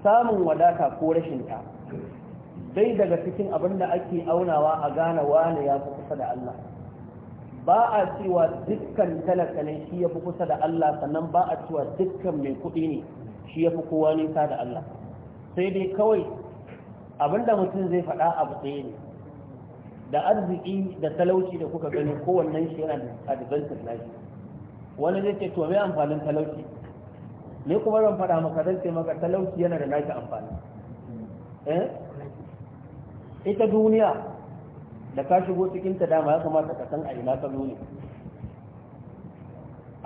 S1: samun wadata ko rashin ta dai daga cikin abin da ake aunawa a gane wane ya fi kusa da Allah ba a cewa dukkan talakalin shi ya fi kusa da Allah sannan ba a cewa dukkan mai kuɗi ne shi ya fi kowa nisa da Allah sai dai kawai abinda mutum zai faɗa abu ɗaya ne da arziki da talauci da kuka gani kowannen shi yana da advantage na wani zai ce to mai amfanin talauci ne kuma zan fada maka zan ce maka talauci yana da naki amfani eh ita duniya da ka shigo cikin ta dama ya kamata ka san a ina ka zo ne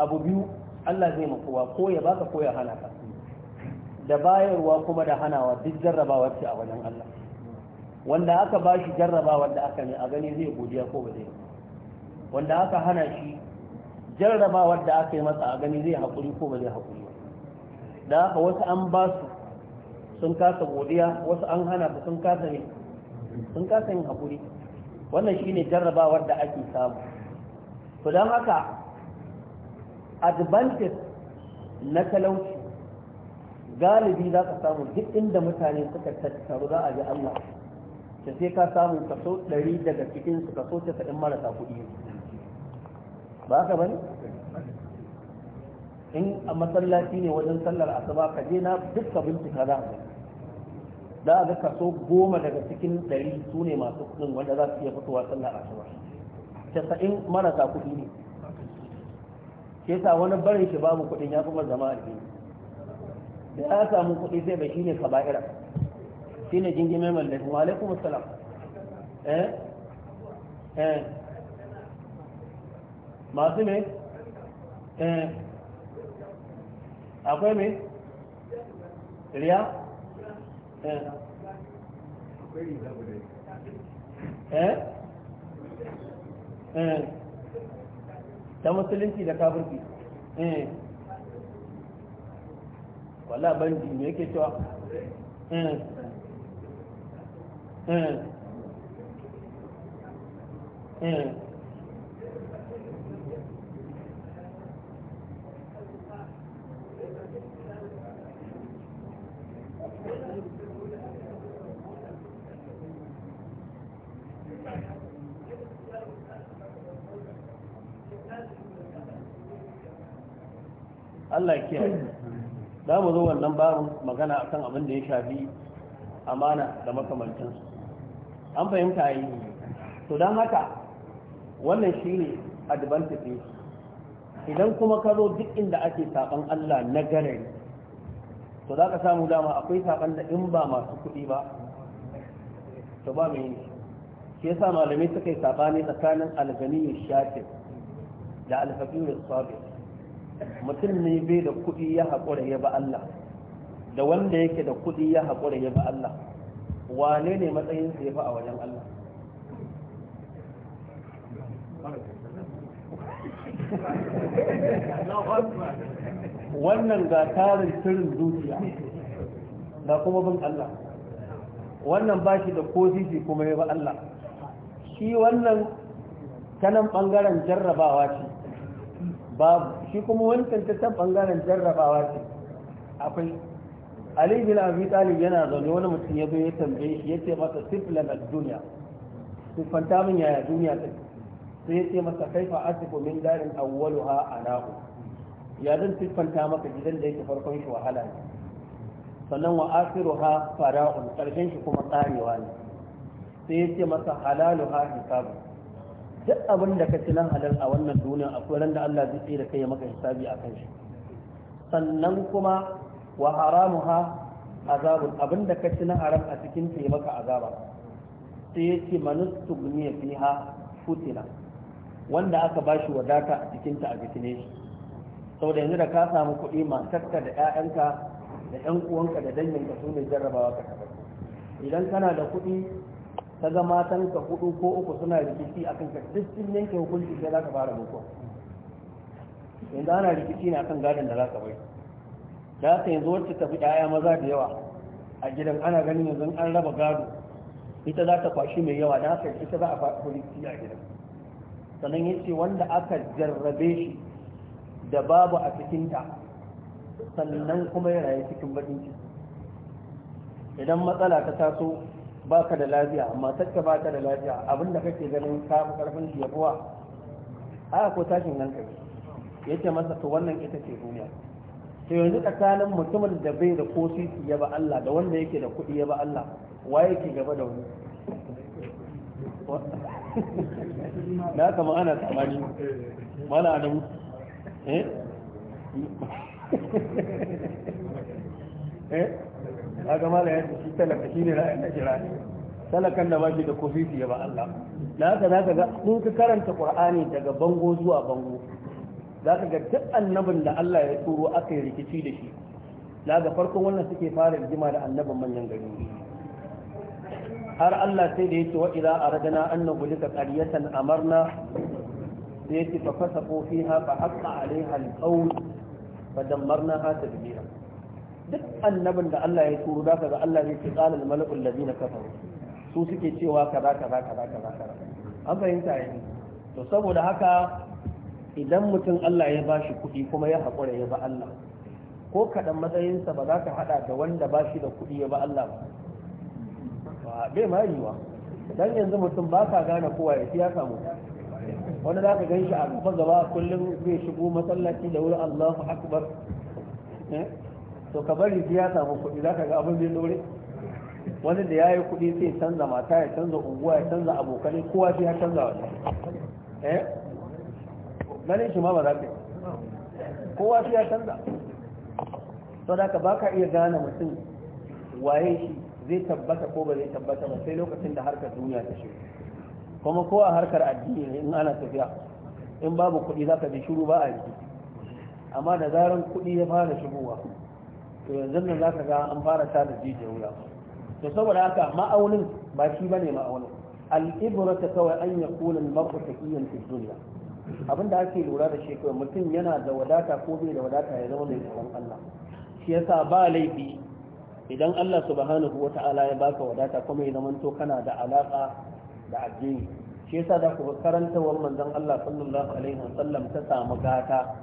S1: abu biyu Allah zai makowa ko ya baka ko ya hana ka da bayarwa kuma da hanawa duk jarrabawa ce a wajen Allah wanda aka ba shi jarrabawa da aka ne a gani zai godiya ko ba zai wanda aka hana shi jarrabawa da aka yi masa a gani zai haƙuri ko ba zai haƙuri da haka wasu an ba su sun kasa godiya wasu an hana su sun kasa ne sun kasa yin haƙuri wannan shi ne jarrabawar da ake samu to don haka advantage na talauci galibi za ka samu duk inda mutane suka tattaru za a ji Allah da sai ka samu kaso ɗari daga cikin su kaso 90 marasa kuɗi ba ka bane in a masallaci ne wajen sallar asuba ka je na dukka bincika za a da ga kaso goma daga cikin ɗari su ne masu kuɗin wanda za su iya fitowa sallar asuba casa'in marasa kuɗi ne ke sa wani barin shi babu kudin ya kuma zama a jini da ya samu kuɗi sai bai shine kaba'ira shine jingime mallafi wa alaikum assalam eh eh masu ne eh akwai me riya eh. eh eh ta musulunci da kafirci eh wala banji me yake cewa eh eh eh zo wannan babu magana akan abin da ya shafi amana da makamancinsu an fahimta yi to don haka wannan shi ne advantage idan kuma ka zo duk inda ake saban Allah na ganari to za ka samu dama akwai saban da in ba masu kuɗi ba to ba mai ne shi yasa malamai suka yi sabani tsakanin alganiyar shatir da alfaqirus sabir mutum ne bai da kuɗi ya haƙura ya ba Allah da wanda yake da kuɗi ya haƙura ya ba Allah wane ne matsayin ya fi a wajen Allah
S2: wannan ga tarin
S1: turin zuciya da kuma bin Allah wannan ba shi da kosisi kuma ya ba Allah shi wannan kanan ɓangaren jarrabawa ce babu shi kuma wancan ta bangaren jarrabawa ce akwai ali bin abi talib yana zaune wani mutum ya zo ya tambaye shi ya ce masa siflan duniya. dunya fanta min yaya duniya ta sai ya ce masa kaifa asiku min darin awwaluha anahu ya zan siffanta maka gidan da yake farkon shi wahala ne sannan wa ha fara'un karshen shi kuma tsarewa ne sai ya ce masa halaluha hisabu duk abin da ka ci nan halal a wannan duniya akwai ran da Allah zai tsaye da kai maka hisabi a kanshi. sannan kuma wa haramuha azabun abin da ka ci na haram a cikin ta maka azaba sai ya ce manustugniya fiha futina wanda aka bashi wadata a cikin ta a fitine shi saboda yanzu da ka samu kuɗi matarka da 'ya'yanka da 'yan uwanka da danginka su ne jarrabawa ka idan kana da kuɗi kaga matan ka hudu ko uku suna rikici akan ka duk sun yanke hukunci sai zaka fara mutuwa yanzu ana rikici ne akan gadon da zaka bai da ka yanzu wacce tafi 'ya'ya maza da yawa a gidan ana ganin yanzu an raba gado ita za ta kwashi mai yawa da haka ita za a fara rikici a gidan sannan ya ce wanda aka jarrabe shi da babu a cikinta sannan kuma ya rayu cikin bakin ciki idan matsala ta taso baka da lafiya matarka baka da lafiya abinda kake ganin ka fi karfin shi ya kuwa aka ko tashin Ya ce masa to wannan ita ce duniya to yanzu tsakanin mutumin da bai da ko sisi ya ba Allah da wanda yake da kuɗi ya ba Allah wa yake gaba da wani <laughs> na kama ana tsamani mala adamu eh <laughs> eh kaga mala ya shi talaka shi ne ra'ayin ajira talakan da ba da ya ba Allah da haka za ka ga in ka karanta qur'ani daga bango zuwa bango za ka ga duk annabin da Allah ya turo aka yi rikici da shi da ga farkon wannan suke fara rigima da annabin manyan gari har Allah sai da yake wa ila aradana annahu lika qaryatan amarna sai yake fa fasaqu fiha fa haqqa alaiha alqawl fa dammarnaha tadmira duk annabin da Allah ya turo ka ga Allah zai ce qala al mala'u allazina kafaru su suke cewa kaza kaza kaza kaza kaza an fahimta yanzu to saboda haka idan mutum Allah ya bashi kuɗi kuma ya haƙura ya ba Allah ko kaɗan matsayinsa ba za ka haɗa da wanda ba shi da kuɗi ya ba Allah ba bai ma yiwa dan yanzu mutum ba ka gane kowa ya siya samu wani za ka gan shi a gaba gaba kullum zai shigo masallaci da wuri Allahu akbar eh? to ka bari ya samu kuɗi za ka ga abin zai dore wani da ya yi kuɗi sai canza mata ya canza unguwa ya canza abokanai kowa sai ya canza wani eh ganin shi ma ba za ka yi kowa sai ya canza to da ka ba ka iya gane mutum waye shi zai tabbata ko ba zai tabbata ba sai lokacin da harkar duniya ta shi kuma kowa harkar addini ne in ana tafiya in babu kuɗi za ka bi shiru ba a yi amma da zaran kuɗi ya fara shigowa to yanzu nan za ka ga an fara ta da jijiyar wuya to saboda haka ma'aunin ba shi bane ma'aunin al'ibra ta kawai an ya kulin marku taqiyan fi dunya abinda ake lura da shi kawai mutum yana da wadata ko bai da wadata ya zama mai tsoron Allah shi yasa ba laifi idan Allah subhanahu wata'ala ya baka wadata kuma ya zamanto kana da alaƙa da addini shi yasa da ku karanta karantawar manzon Allah sallallahu alaihi wasallam ta samu gata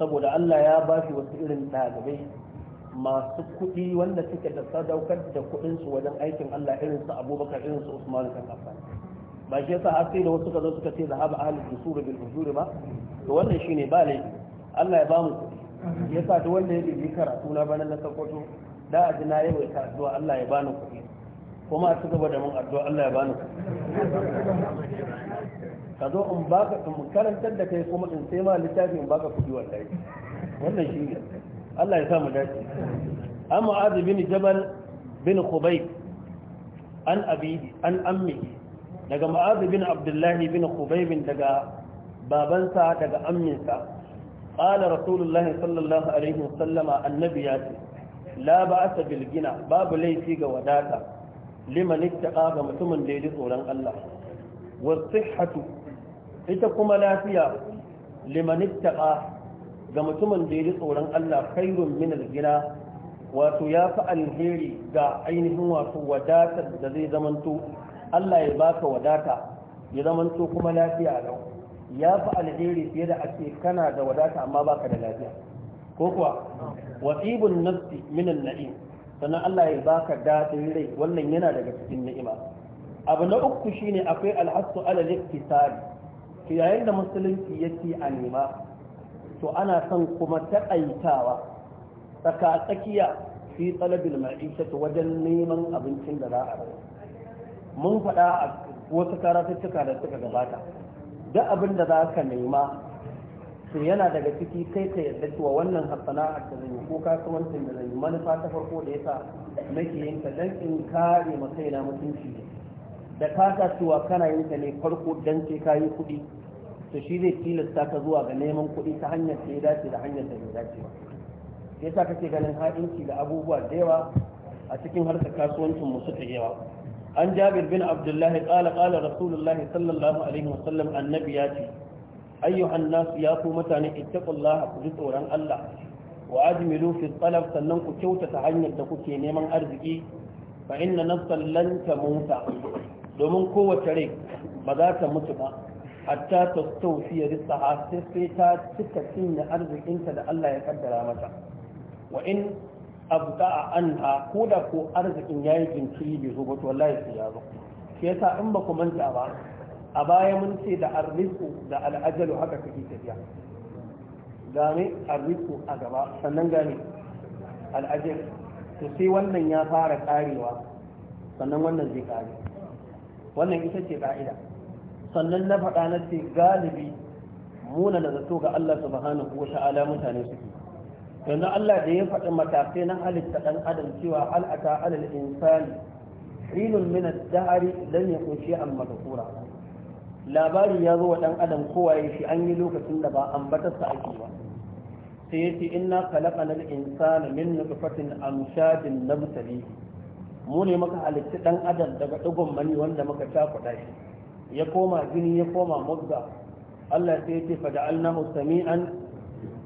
S1: saboda Allah ya ba shi wasu irin ɗalibai masu kuɗi wanda suke da sadaukar da kuɗinsu wajen aikin Allah irin su Abubakar irin su Usman kan Affan ba shi yasa har sai da wasu kazo suka ce zahaba ahli dusur bil ujur ba to wannan shine ba laifi Allah ya bamu kuɗi yasa duk wanda ya bibi karatu na bana na sakoto da a jina yau ya karatu Allah ya bani kuɗi kuma a cigaba da mun addu'a Allah ya bani kuɗi ka zo in baka in karantar da kai kuma in sai ma littafi in baka kuɗi wallahi wannan shi ne Allah ya samu dace an mu'adh bin jabal bin khubayb an abi an ammi daga ma'azi bin Abdullahi, bin khubayb daga babansa daga amminsa qala rasulullahi sallallahu alaihi wasallama annabi ya ce la ba'sa bil gina babu laifi ga wadata liman ittaqa ga mutumin da ya ji tsoron Allah wa sihhatu ita kuma lafiya liman ittaqa ga mutumin da ya ji tsoron Allah khairun min gina wato ya fi alheri ga ainihin wato wadatar da zai zamanto Allah ya baka wadata ya zamanto kuma lafiya lau ya fi alheri fiye da ake kana da wadata amma baka da lafiya ko kuwa wasibun nafsi minan na'im sannan Allah ya baka daɗin rai wannan yana daga cikin ni'ima abu na uku shine akwai alhasu ala liqtisadi to yayin da musulunci yake a nema to ana san kuma taƙaitawa tsaka tsakiya fi talabil ma'isha wajen neman abincin da za a rayu mun faɗa a wasu karatuttuka da suka gabata duk abin da za ka nema to yana daga ciki kai ka yarda cewa wannan a ta zai ko kasuwancin da zai manufa ta farko da yasa nake yin ta dan in kare ma kaina mutunci da ka cewa kana yin ta ne farko dan sai ka yi kuɗi to shi zai tilasta ka zuwa ga neman kuɗi ta hanyar da ya dace da hanyar da ya dace ba shi kake ganin ha'inci da abubuwa da yawa a cikin harkar kasuwancin musu ta yawa an jabir bin abdullahi qala qala rasulullah sallallahu alaihi wa sallam annabi ya ce ayyuhan nas ya ku mutane ittaqullaha ku ji tsoron Allah wa ajmilu fi talab sannan ku kyautata hanyar da kuke neman arziki fa inna nafsan lan tamuta domin kowace rai ba za ta mutu ba hatta ta taufiya rizqaha sai ta cika cinye arzikinta da Allah ya kaddara mata wa in abda'a anha ko da ko arzikin yayi jinkiri bai zo ba to wallahi sai ya zo shi yasa in ba ku manta ba a baya mun ce da arrizqu da al'ajalu haka kake tafiya gane arrizqu a gaba sannan gane, al'ajal to sai wannan ya fara karewa sannan wannan zai kare wannan ita ce ka'ida sannan na faɗa na ce galibi muna da zato ga Allah subhanahu wa ta'ala mutane suke yanzu Allah da ya faɗi matakai na halitta ɗan adam cewa al'ata alal insani hinun min ad-dahri lam yakun shay'an madhkura labari ya zo wa ɗan adam kowaye shi an yi lokacin da ba sa ake ba sai yace inna khalaqana insana min nutfatin amshajin nabtali mu ne muka halitta ɗan adam daga ɗigon mani wanda muka cakuɗa shi ya koma jini ya koma mudda Allah sai ya ce da'alna musami'an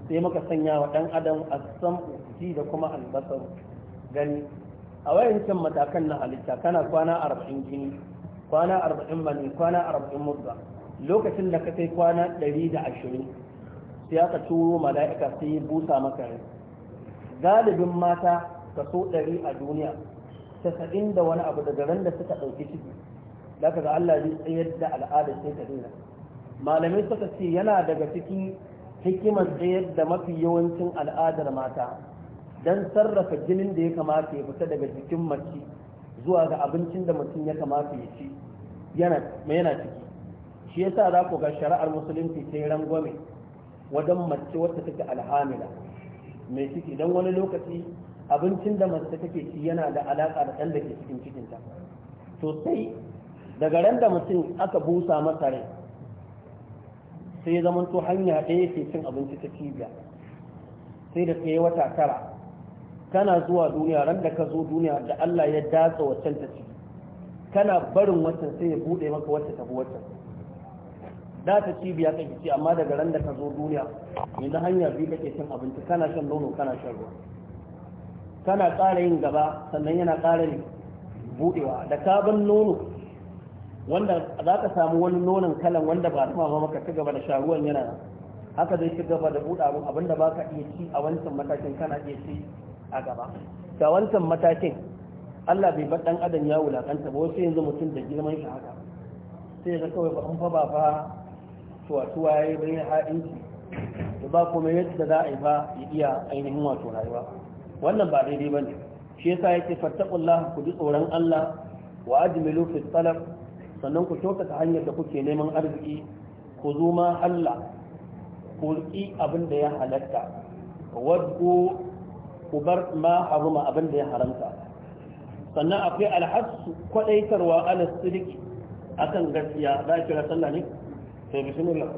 S1: sai muka sanya wa dan adam as-sam'u ji da kuma albasar gani a wayancin matakan na halitta kana kwana 40 jini kwana 40 mani kwana 40 mudda lokacin da ka kai kwana 120 sai aka turo mala'ika sai ya busa maka rai galibin mata kaso 100 a duniya 90 da wani abu daga ran da suka dauki ciki da ka ga Allah zai tsayar da al'ada sai ta dina malamai suka ce yana daga cikin hikimar tsayar da mafi yawancin al'adar mata don sarrafa jinin da ya kamata ya fita daga jikin mace zuwa ga abincin da mutum ya kamata ya ci yana ciki shi yasa za ku ga shari'ar musulunci ta yi rangwame wajen mace wacce take alhamila mai ciki don wani lokaci abincin da mace take ci yana da alaƙa da ɗan da ke cikin cikinta to sai daga ran da mutum aka busa masa rai sai zama to hanya ɗaya ke cin abinci ta cibiya sai da tsaye wata tara kana zuwa duniya ran da ka zo duniya da Allah ya datsa waccan ta ci kana barin wancan sai ya bude maka wacce tafi waccan da ta cibiya kake ci amma daga ran da ka zo duniya yanzu hanya biyu kake cin abinci kana shan nono kana shan ruwa kana ƙara yin gaba sannan yana ƙara buɗewa da ka nono wanda za ka samu wani nonon kalan wanda ba tuma ba maka ci gaba da sharuwan yana haka zai ci gaba da buɗa abin abinda ba ka iya ci a wancan matakin kana iya ci a gaba ga wancan matakin Allah bai bar dan adam ya wulakanta ba wasu yanzu mutum da girman shi haka sai ga kawai ba an fa ba fa tuwa yayi bai shi, to ba kuma yadda za a yi ba ya iya ainihin wato rayuwa wannan ba daidai ne shi yasa yake fattaqullah ku ji tsoron Allah wa ajmilu fi talab sannan ku ta hanyar da kuke neman arziki ku zo ma Allah ku yi abin da ya halatta wadda ku bar ma haruma abin da ya haramta sannan akwai alhassu kwadaitarwa ala sirki akan gaskiya za a sallah ne sai bismillah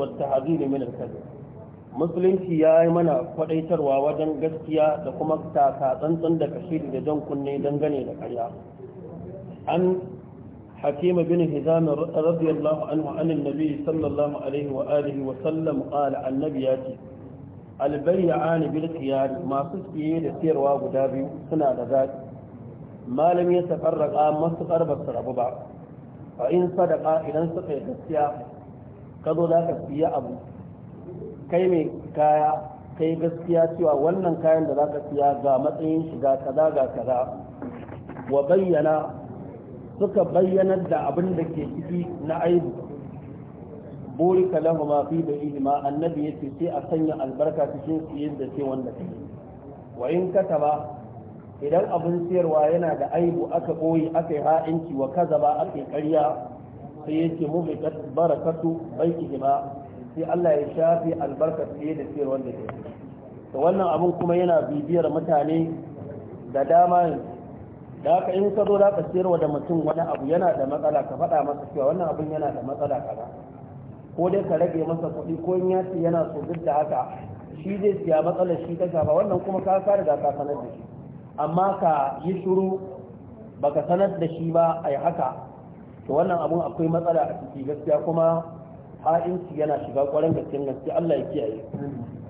S1: والتحذير من الكذب musulunci ya yi mana kwadaitarwa wajen gaskiya da kuma takatsantsan da kashe da jan kunne dangane da karya an hakima bin hizam radiyallahu anhu an annabi sallallahu alaihi wa alihi wa sallam qala annabi ya ce albayyani bil masu siye da siyarwa guda biyu suna da zaki malami ya tafarraqa masu karbar rabu ba fa in sadaqa idan suka yi gaskiya ka zo za ka siya abu kai mai kaya kai gaskiya cewa wannan kayan da za ka siya ga matsayin shiga kaza ga kaza wa bayyana suka bayyanar da abin da ke ciki na aibu burika lahu ma fi da ilima annabi yace sai a sanya albarka cikin siyin da ce wanda ke wa in kataba idan abin siyarwa yana da aibu aka boye aka yi ha'inci wa kaza ba aka yi ƙarya sai yake mubiqat barakatu baitihima sai Allah ya shafi albarka fiye da sirrin wanda ke to wannan abun kuma yana bibiyar mutane da dama da haka in ka zo da ka siyarwa da mutum wani abu yana da matsala ka faɗa masa cewa wannan abun yana da matsala kaza ko dai ka rage masa kuɗi ko in ya yana so duk da haka shi zai siya matsalar shi ta shafa wannan kuma ka fara da ka sanar da shi amma ka yi shiru baka sanar da shi ba a haka to wannan abun akwai matsala a ciki gaskiya kuma ha'inci yana shiga kwarin gaskiyar gaskiya Allah ya kiyaye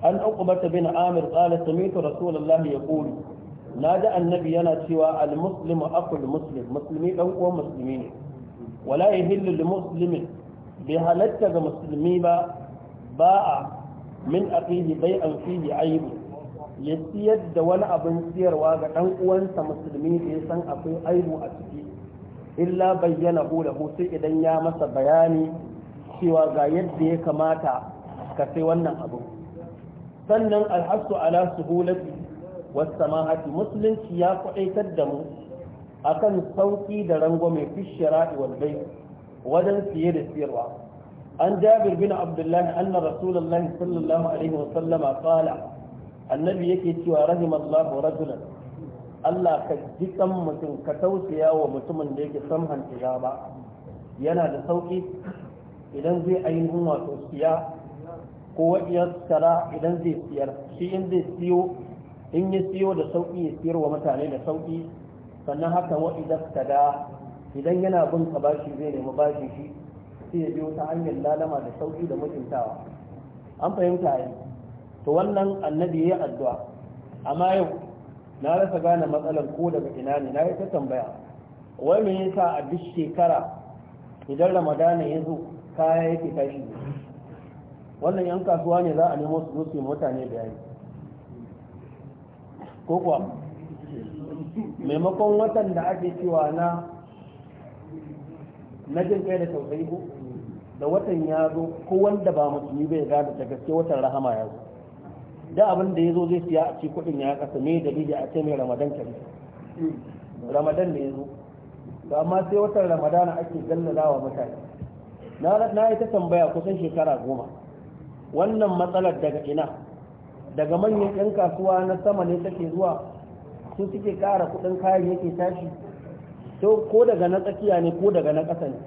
S1: an uqbata bin amir qala sami'tu rasulullahi yaqulu naji annabi yana cewa al muslimu aqul muslim muslimi dan uwan muslimi ne wala yahillu lil muslimin bi halatta ga musulmi ba ba'a min aqihi bai fihi aib ya siyar da wani abin siyarwa ga dan uwansa musulmi da ya san akwai aibu a ciki illa bayyana lahu sai idan ya masa bayani cewa ga yadda ya kamata ka sai wannan abu sannan alhassu ala suhulati was samahati musulunci ya kwaɗaitar da mu akan sauki da rangwame fi shira'i wal wajen siye da siyarwa an jabir bin abdullahi anna rasulullahi sallallahu alaihi wa annabi yake cewa rahimallahu rajulan Allah ka ji ɗan mutum ka tausaya wa mutumin da yake samhan ya ba yana da sauki idan zai ainihin wato siya ko wa'iyar tara idan zai siyar shi in zai siyo in ya siyo da sauki ya siyar wa mutane da sauki sannan haka wa'idar da idan yana bin ka bashi zai nemi bashi shi sai ya biyo ta hanyar lalama da sauki da mutuntawa an fahimta yi to wannan annabi ya addu'a amma yau na rasa gane matsalar ko daga ina ne na yi ta tambaya wai me yasa a duk shekara idan ramadana ya zo kaya yake tashi wannan yan kasuwa ne za a nemo su zo su mutane da yayi ko kuwa maimakon watan da ake cewa na na jin kai da tausayi ko da watan ya zo ko wanda ba musulmi bai gada ta gaske watan rahama ya zo da abin da ya zo zai siya a ci kudin ya kasa me dalili a ce mai ramadan kare ramadan da ya zo to amma sai watan ramadana ake wa mutane na yi ta tambaya kusan shekara goma wannan matsalar daga ina daga manyan 'yan kasuwa na sama ne take zuwa su suke ƙara kuɗin kayan yake tashi to ko daga na tsakiya ne ko daga na ƙasa ne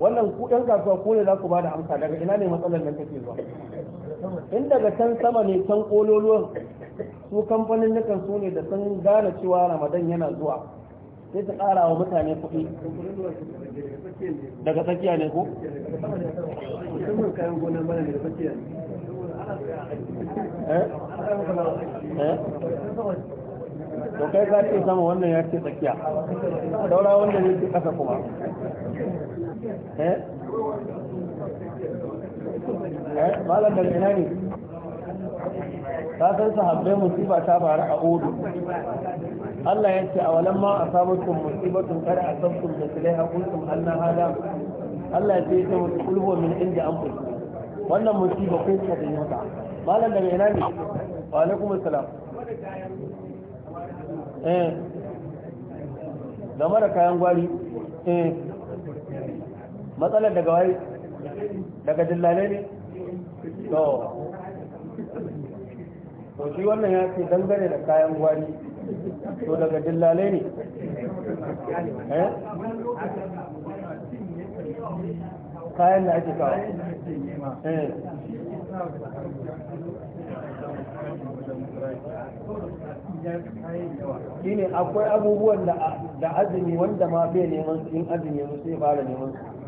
S1: wannan kudin kasuwa ko ne za ku ba da amsa daga ina ne matsalar nan take zuwa in daga can sama ne can kololuwan su kamfanin nukan su ne da sun gane cewa ramadan yana zuwa sai su ƙara wa mutane kuɗi daga tsakiya ne ko? da eh? eh?
S2: kai ka ce sama wannan ya
S1: ce tsakiya daura wanda ne ke kasa kuma eh?
S2: Eh, malam daga ina ne ta san sahabbai ta faru a odu Allah ya
S1: ce a wannan ma a sabatun musibatun kar a sabtun da silai haƙulsun hannun hada Allah ya ce ya ce kulhu min inda an fusu wannan musiba ko ta da mata malam da ina ne wa alaikum assalam eh game mara kayan gwari eh matsalar daga wai daga dillalai ne to shi wannan ya ce dangane da kayan gwari to daga dillalai ne eh?
S2: kayan da ake kawo eh. ne akwai
S1: abubuwan da azumi wanda ma bai neman in azumi sai fara neman su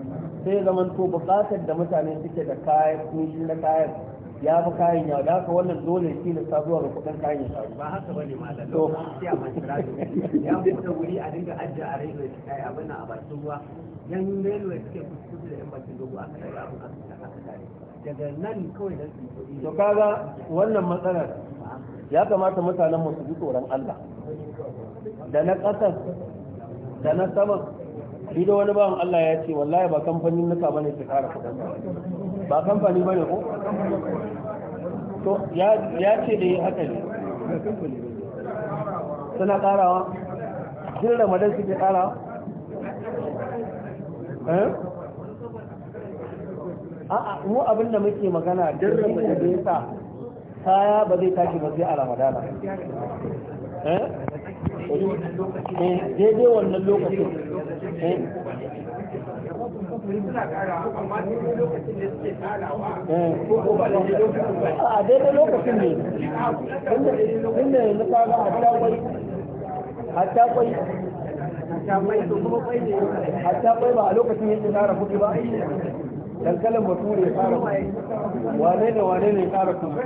S1: sai zaman to bukatar da mutane suke da kayan kunshi na kayan ya fi kayan yawa da wannan dole shi sa zuwa ga kayan ba haka ba ne lokaci a rajin ya wuri a dinga ajiye a rai kai abin a bakin ruwa yan railway suke kuskusu da yan bakin dogo aka abin a daga nan kawai da su to kaga wannan matsalar ya kamata mutanen mu su ji tsoron Allah da na ƙasar da na saman shi da wani bawan Allah ya ce wallahi ba kamfanin nuka bane ke kara kudin ba kamfani bane ko to ya ce da yi haka ne suna karawa da ramadan suke karawa
S2: eh? a'a
S1: mu abin da muke magana jin ramadan da ya sa kaya ba zai tashi ba sai a ramadana
S2: eh daidai wannan lokacin eh. Eh. a daidai lokacin ne inda yanzu ka ga
S1: hatta kwai hatta kwai hatta kwai ba a lokacin yake tsara kuɗi ba dankalin bature ya kara wane ne wane ne ya kara kuma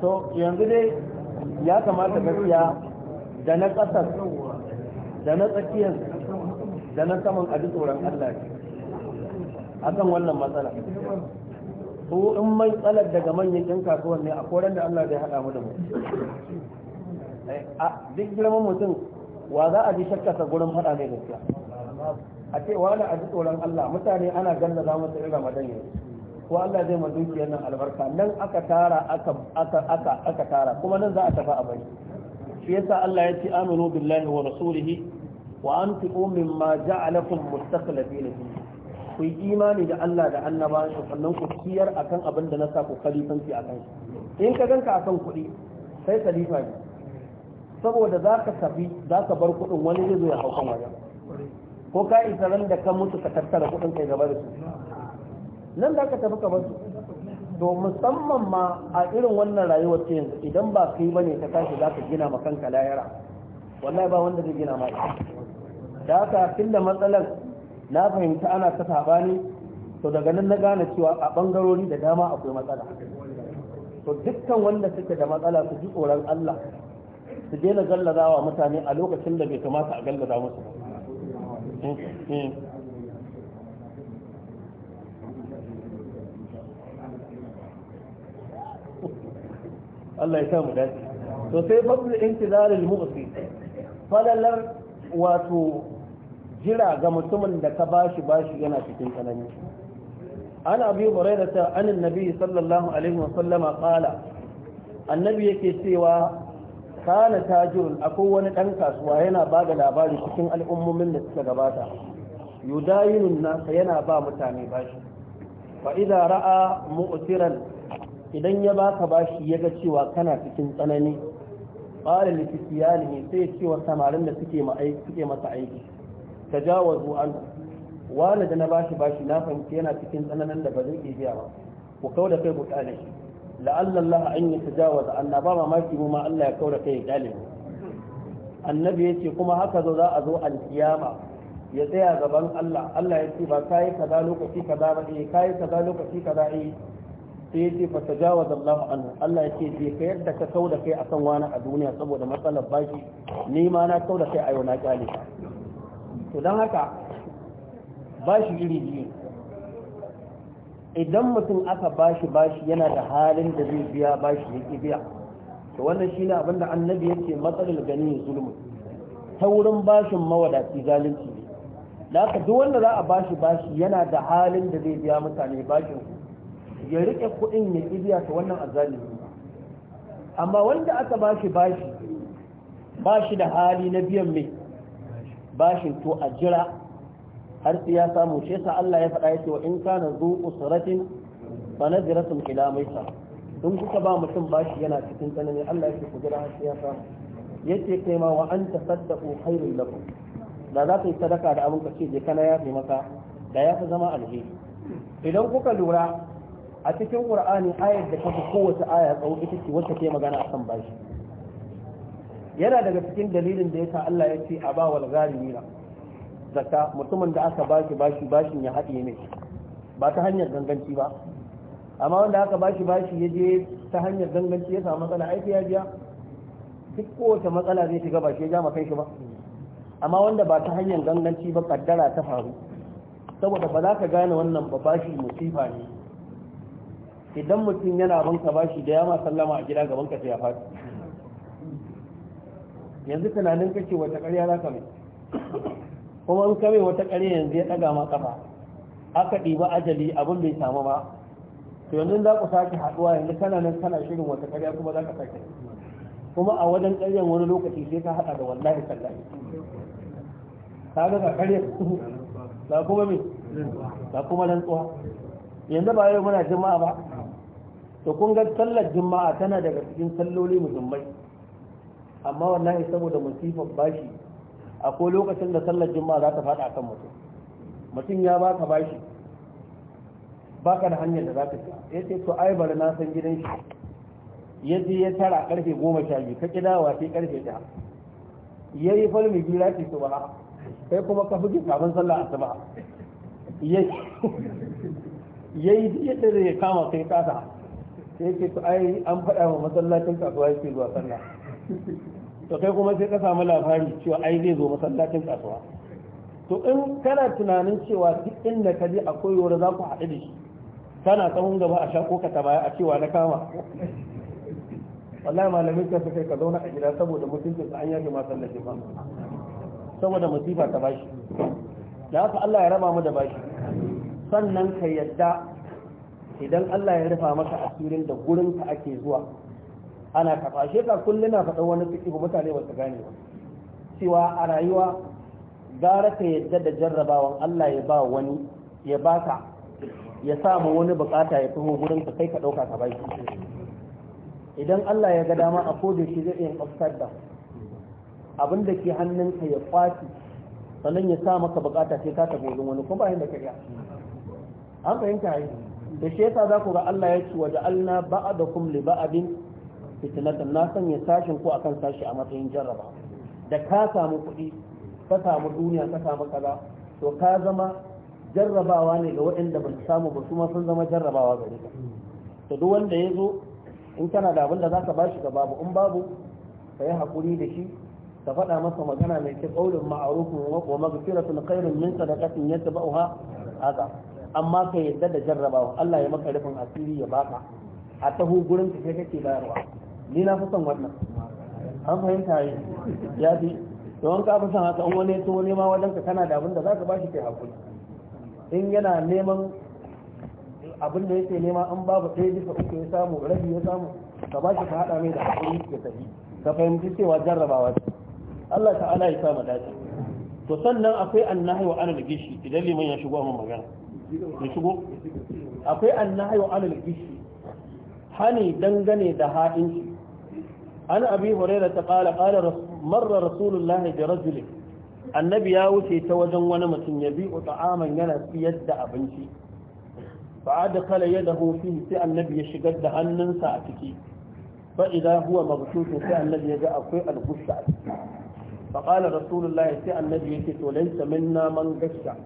S1: to yanzu dai ya kamata gaskiya da na ƙasar da na tsakiyar da na saman a tsoron Allah akan wannan matsala ko in matsalar daga manyan yan kasuwan ne a koren da Allah zai haɗa mu da mu eh, a duk girman mutum wa za a ji shakkasa gurin faɗa ne gaskiya a ce wani a ji tsoron Allah mutane ana ganna za musu irin ramadan yau ko Allah zai ma dukiyar nan albarka nan aka tara aka aka aka aka tara kuma nan za a tafi a bari shi yasa Allah ya ce aminu billahi wa rasulihi wa anfiqu mimma ja'alakum mustaqlifin fihi ku yi imani da Allah da annabawan shi sannan ku ciyar akan abin da na sa ku khalifanci akan shi in ka ganka akan kuɗi sai khalifa ne saboda za ka tafi za ka bar kuɗin wani zai zo ya haukan wajen ko ka isa ran da ka mutu ka tattara kuɗin kai gaba da su nan da ka tafi ka bar su to musamman ma a irin wannan rayuwar ce yanzu idan ba kai bane ka tashi za ka gina ma kanka layara wallahi ba wanda zai gina ma da haka tunda matsalar na fahimta ana ta sabani to daga nan na gane cewa a bangarori da dama akwai matsala to dukkan wanda suke da matsala su ji tsoron Allah su daina wa mutane a lokacin da bai kamata a gallaza musu
S2: hmm, hmm.
S1: Allah ya sa mu dace to sai fadl intizar al-mu'si falalar wato jira ga mutumin da ka bashi bashi yana cikin tsanani ana abi hurairata anan nabi sallallahu alaihi wa sallama qala annabi yake cewa kana tajirun akwai wani ɗan kasuwa yana ba da labari cikin al'ummomin da suka gabata yudayinun nasa yana ba mutane bashi fa idza ra'a mu'tiran idan ya baka bashi yaga cewa kana cikin tsanani qala li fityanihi sai cewa samarin da suke ma aiki suke masa aiki tajawazu an wani da na bashi bashi na fahimci yana cikin tsananin da ba zai iya ba ku da kai ku shi la'allan laha an yi tajawar annaba mamaki mu ma Allah ya kaura kai galibi annabi ya ce kuma haka zo za zo alkiyama ya tsaya gaban Allah Allah ya ce ba ka yi kaza lokaci kaza ba ka yi kaza lokaci kaza ne sai ya ce fa tajawaz Allah an Allah ya ce je ka yadda ka kai akan wani a duniya saboda matsalar baki ni ma na kauda kai a yau na galiba to dan haka bashi iri biyu idan mutum aka bashi bashi yana da halin da zai biya bashi ya biya to wannan shi abin da annabi yake matsalar gani zulmi ta wurin bashin mawadaci zalunci ne da aka duk wanda za a bashi bashi yana da halin da zai biya mutane bashin ya rike kuɗin ya biya ta wannan azalimi amma wanda aka bashi bashi shi da hali na biyan mai bashin to a jira har sai ya samu shi yasa Allah ya faɗa yake wa in kana zu usratin fa nadratun ila maisa dun kuka ba mutum bashi yana cikin tsanani Allah yake ku jira har sai ya samu yace kai ma wa anta saddaqu khairul lakum da za ka yi sadaka da abin ka ce je kana yafi maka da ya fi zama alheri idan kuka lura a cikin qur'ani ayar da kafa kowace aya tsawo ita ce wacce ke magana akan bashi yana daga cikin dalilin da yasa Allah ya ce a ba wal gharimina zaka mutumin da aka bashi bashi bashin ya haɗe ne ba ta hanyar ganganci ba amma wanda aka bashi bashi ya je ta hanyar ganganci ya samu matsala aiki ya biya duk kowace matsala zai shiga bashi ya ja ma shi ba amma wanda ba ta hanyar ganganci ba kaddara ta faru saboda ba za ka gane wannan ba bashi musifa ne idan mutum yana banka bashi da yama sallama a gida gaban ka sai ya faɗi yanzu tunanin kake wata ƙarya za ka mai kuma an kame wata kare yanzu ya ɗaga ma kafa aka ɗiba ajali abin bai samu ba to yanzu za ku sake haɗuwa yanzu kana nan kana shirin wata ƙarya kuma za ka sake kuma a wajen ƙaryan wani lokaci sai ka haɗa da wallahi sallahi ka ga ka ƙarya ba kuma me ba kuma rantsuwa yanzu ba yau muna jima'a ba to kun ga sallar jima'a tana daga cikin salloli muhimmai amma wallahi saboda musifar bashi akwai lokacin da sallar juma'a za ta faɗa kan mutum mutum ya ba ka bashi ba ka da hanyar da za ka ci ya ce to ai bari na san gidan shi ya je ya tara karfe goma sha biyu ka kidawa sai karfe ta ya yi falmi biyu za ki ba kai kuma ka fuke kafin sallar asuba ya yi ya ɗin ya kama sai kasa sai ce to ai an faɗa wa masallacin kasuwa yake zuwa sallah to kai kuma sai ka samu labari cewa ai zai zo masallacin kasuwa to in kana tunanin cewa duk inda ka je akwai wani za ku haɗu da shi kana tsawon gaba a sha koka ta baya a cewa na kama wallahi malamin ka sai ka zauna a gida saboda mutuncin sa an yake masallacin ba saboda musifa ta bashi da haka Allah ya raba mu da bashi sannan ka yadda idan Allah ya rufa maka asirin da gurin ka ake zuwa ana kafa shi ka kullum na faɗa wani fiƙi mutane ba su gane ba cewa a rayuwa gara ka yadda da jarrabawan Allah ya ba wani ya ba ka ya samu wani bukata ya fi gurin ka kai ka ɗauka ka baki idan Allah ya ga dama a kodin shi zai yin ƙasar da abin da ke hannun ka ya kwaci sannan ya sa maka bukata sai ka tafi wurin wani kuma bayan da ka ga an fahimta yi da shi yasa za ku ga Allah ya ci wa ja'alna ba'adakum li ba'adin fitnatan na sanya sashen ko akan sashi a matsayin jarraba da ka samu kuɗi ka samu duniya ka samu kaza to ka zama jarrabawa ne ga waɗanda ba su samu ba su ma sun zama jarrabawa gare ka to duk wanda ya zo in kana da abin da ba shi ga babu in babu ka yi haƙuri da shi ka faɗa masa magana mai ce ƙaurin ma'arufu wa sun kairin min ba uha haka amma ka yadda da jarrabawa Allah ya maka rufin asiri ya baka a taho gurin ka sai kake bayarwa ni na fasan wannan an fahimta yi ya fi don ka fasan haka an wani to nema wajen ka kana da abin da za ka bashi kai hakuri in yana neman abin da yake nema an babu ɗaya bisa uku ya samu rabi ya samu ka bashi ka haɗa mai da hakuri ke tafi ka fahimci cewa jarrabawa ce Allah ta'ala ya sa ma dace to sannan akwai annahi wa anal gishi idan liman ya shigo mun magana ya shigo akwai annahi wa anal gishi hani dangane da ha'inci an abi huraira ta kala kala marra rasulullahi da rajulin annabi ya wuce ta wajen wani mutum ya bi ta'aman yana siyar da abinci fa da kala ya dahu fi sai annabi ya shigar da hannunsa a ciki fa idan huwa sai annabi ya ga akwai algusha a ciki fa kala rasulullahi sai annabi yake to laysa minna man gasha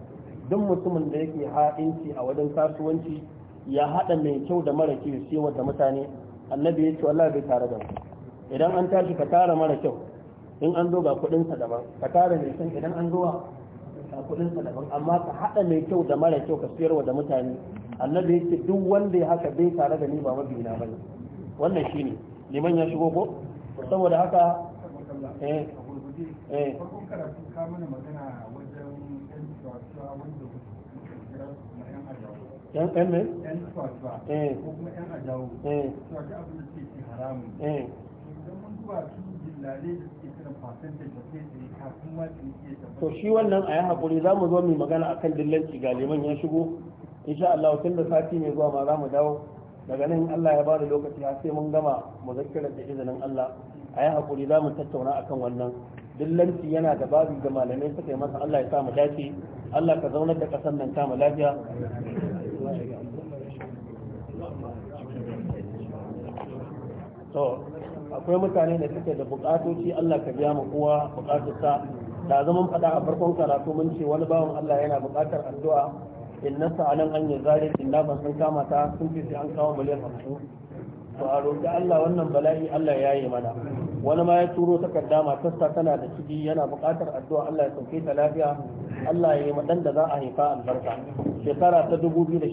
S1: duk mutumin da yake ha'inci a wajen kasuwanci ya hada mai kyau da mara kyau sai wata mutane annabi ya ce wallahi bai tare da mu idan an tashi ka tara mara kyau in an zo ga kuɗinsa daban ka tara mai kyau idan an zuwa ga kudinsa daban amma ka haɗa mai kyau da mara kyau ka siyarwa da mutane annabi ya ce duk wanda ya haka bai tare da ni ba mabi ba ne wannan shine liman ya shigo ko saboda haka
S2: eh eh karatu ka mana magana wajen yan yan ne yan eh. ko kuma yan
S1: ajawo tuwa eh.
S2: da ke haramun eh. to shi wannan a yi
S1: haƙuri za mu zo mu magana akan dillanci ga liman ya shigo insha Allah tun da sati mai zuwa ma za mu dawo daga nan Allah ya bada lokaci har sai mun gama mu zakkira da izinin Allah a yi haƙuri za mu tattauna akan wannan dillanci yana da babu da malamai suka yi masa Allah ya sa dace Allah ka zaunar da ƙasar nan ta mu lafiya akwai mutane da suke da bukatoci Allah ka biya mu kowa bukatarsa da zaman faɗa a farkon karatu mun ce wani bawan Allah yana bukatar addu'a in nasa anan an yi zare inda ban san kama ta sun ce sai an kawo miliyan hamsin to a roƙi Allah wannan bala'i Allah ya yi mana wani ma ya turo takarda matarsa tana da ciki yana buƙatar addu'a Allah ya sauke ta lafiya Allah ya yi madan da za a haifa albarka shekara ta 2019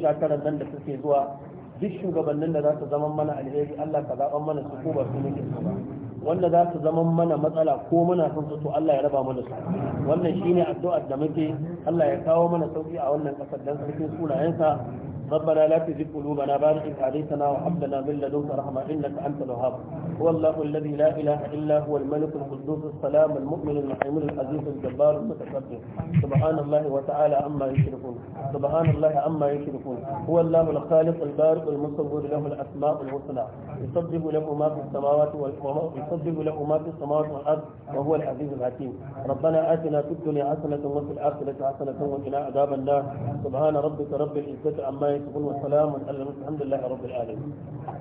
S1: nan da suke zuwa duk shugabannin da za su zama mana alheri Allah ka zaɓa mana su ko ba su muke su ba wanda za su zama mana matsala ko muna son su to Allah ya raba mana su wannan shine addu'ar da muke Allah ya kawo mana sauki a wannan kasar dan sarkin sunayensa ربنا لا تزغ قلوبنا بعد إذ هديتنا وهب لنا من لدنك رحمة إنك أنت الوهاب هو الله الذي لا إله إلا هو الملك القدوس السلام المؤمن المحيمن العزيز الجبار المتكبر سبحان الله وتعالى عما يشركون سبحان الله عما يشركون هو الله الخالق البارئ المصور له الأسماء الحسنى يصدق له ما في السماوات يصدق له ما في السماوات والأرض وهو العزيز الحكيم ربنا آتنا في الدنيا حسنة وفي الآخرة حسنة وقنا عذاب النار سبحان ربك رب العزة عما يشركون يصفون وسلام على الحمد لله رب العالمين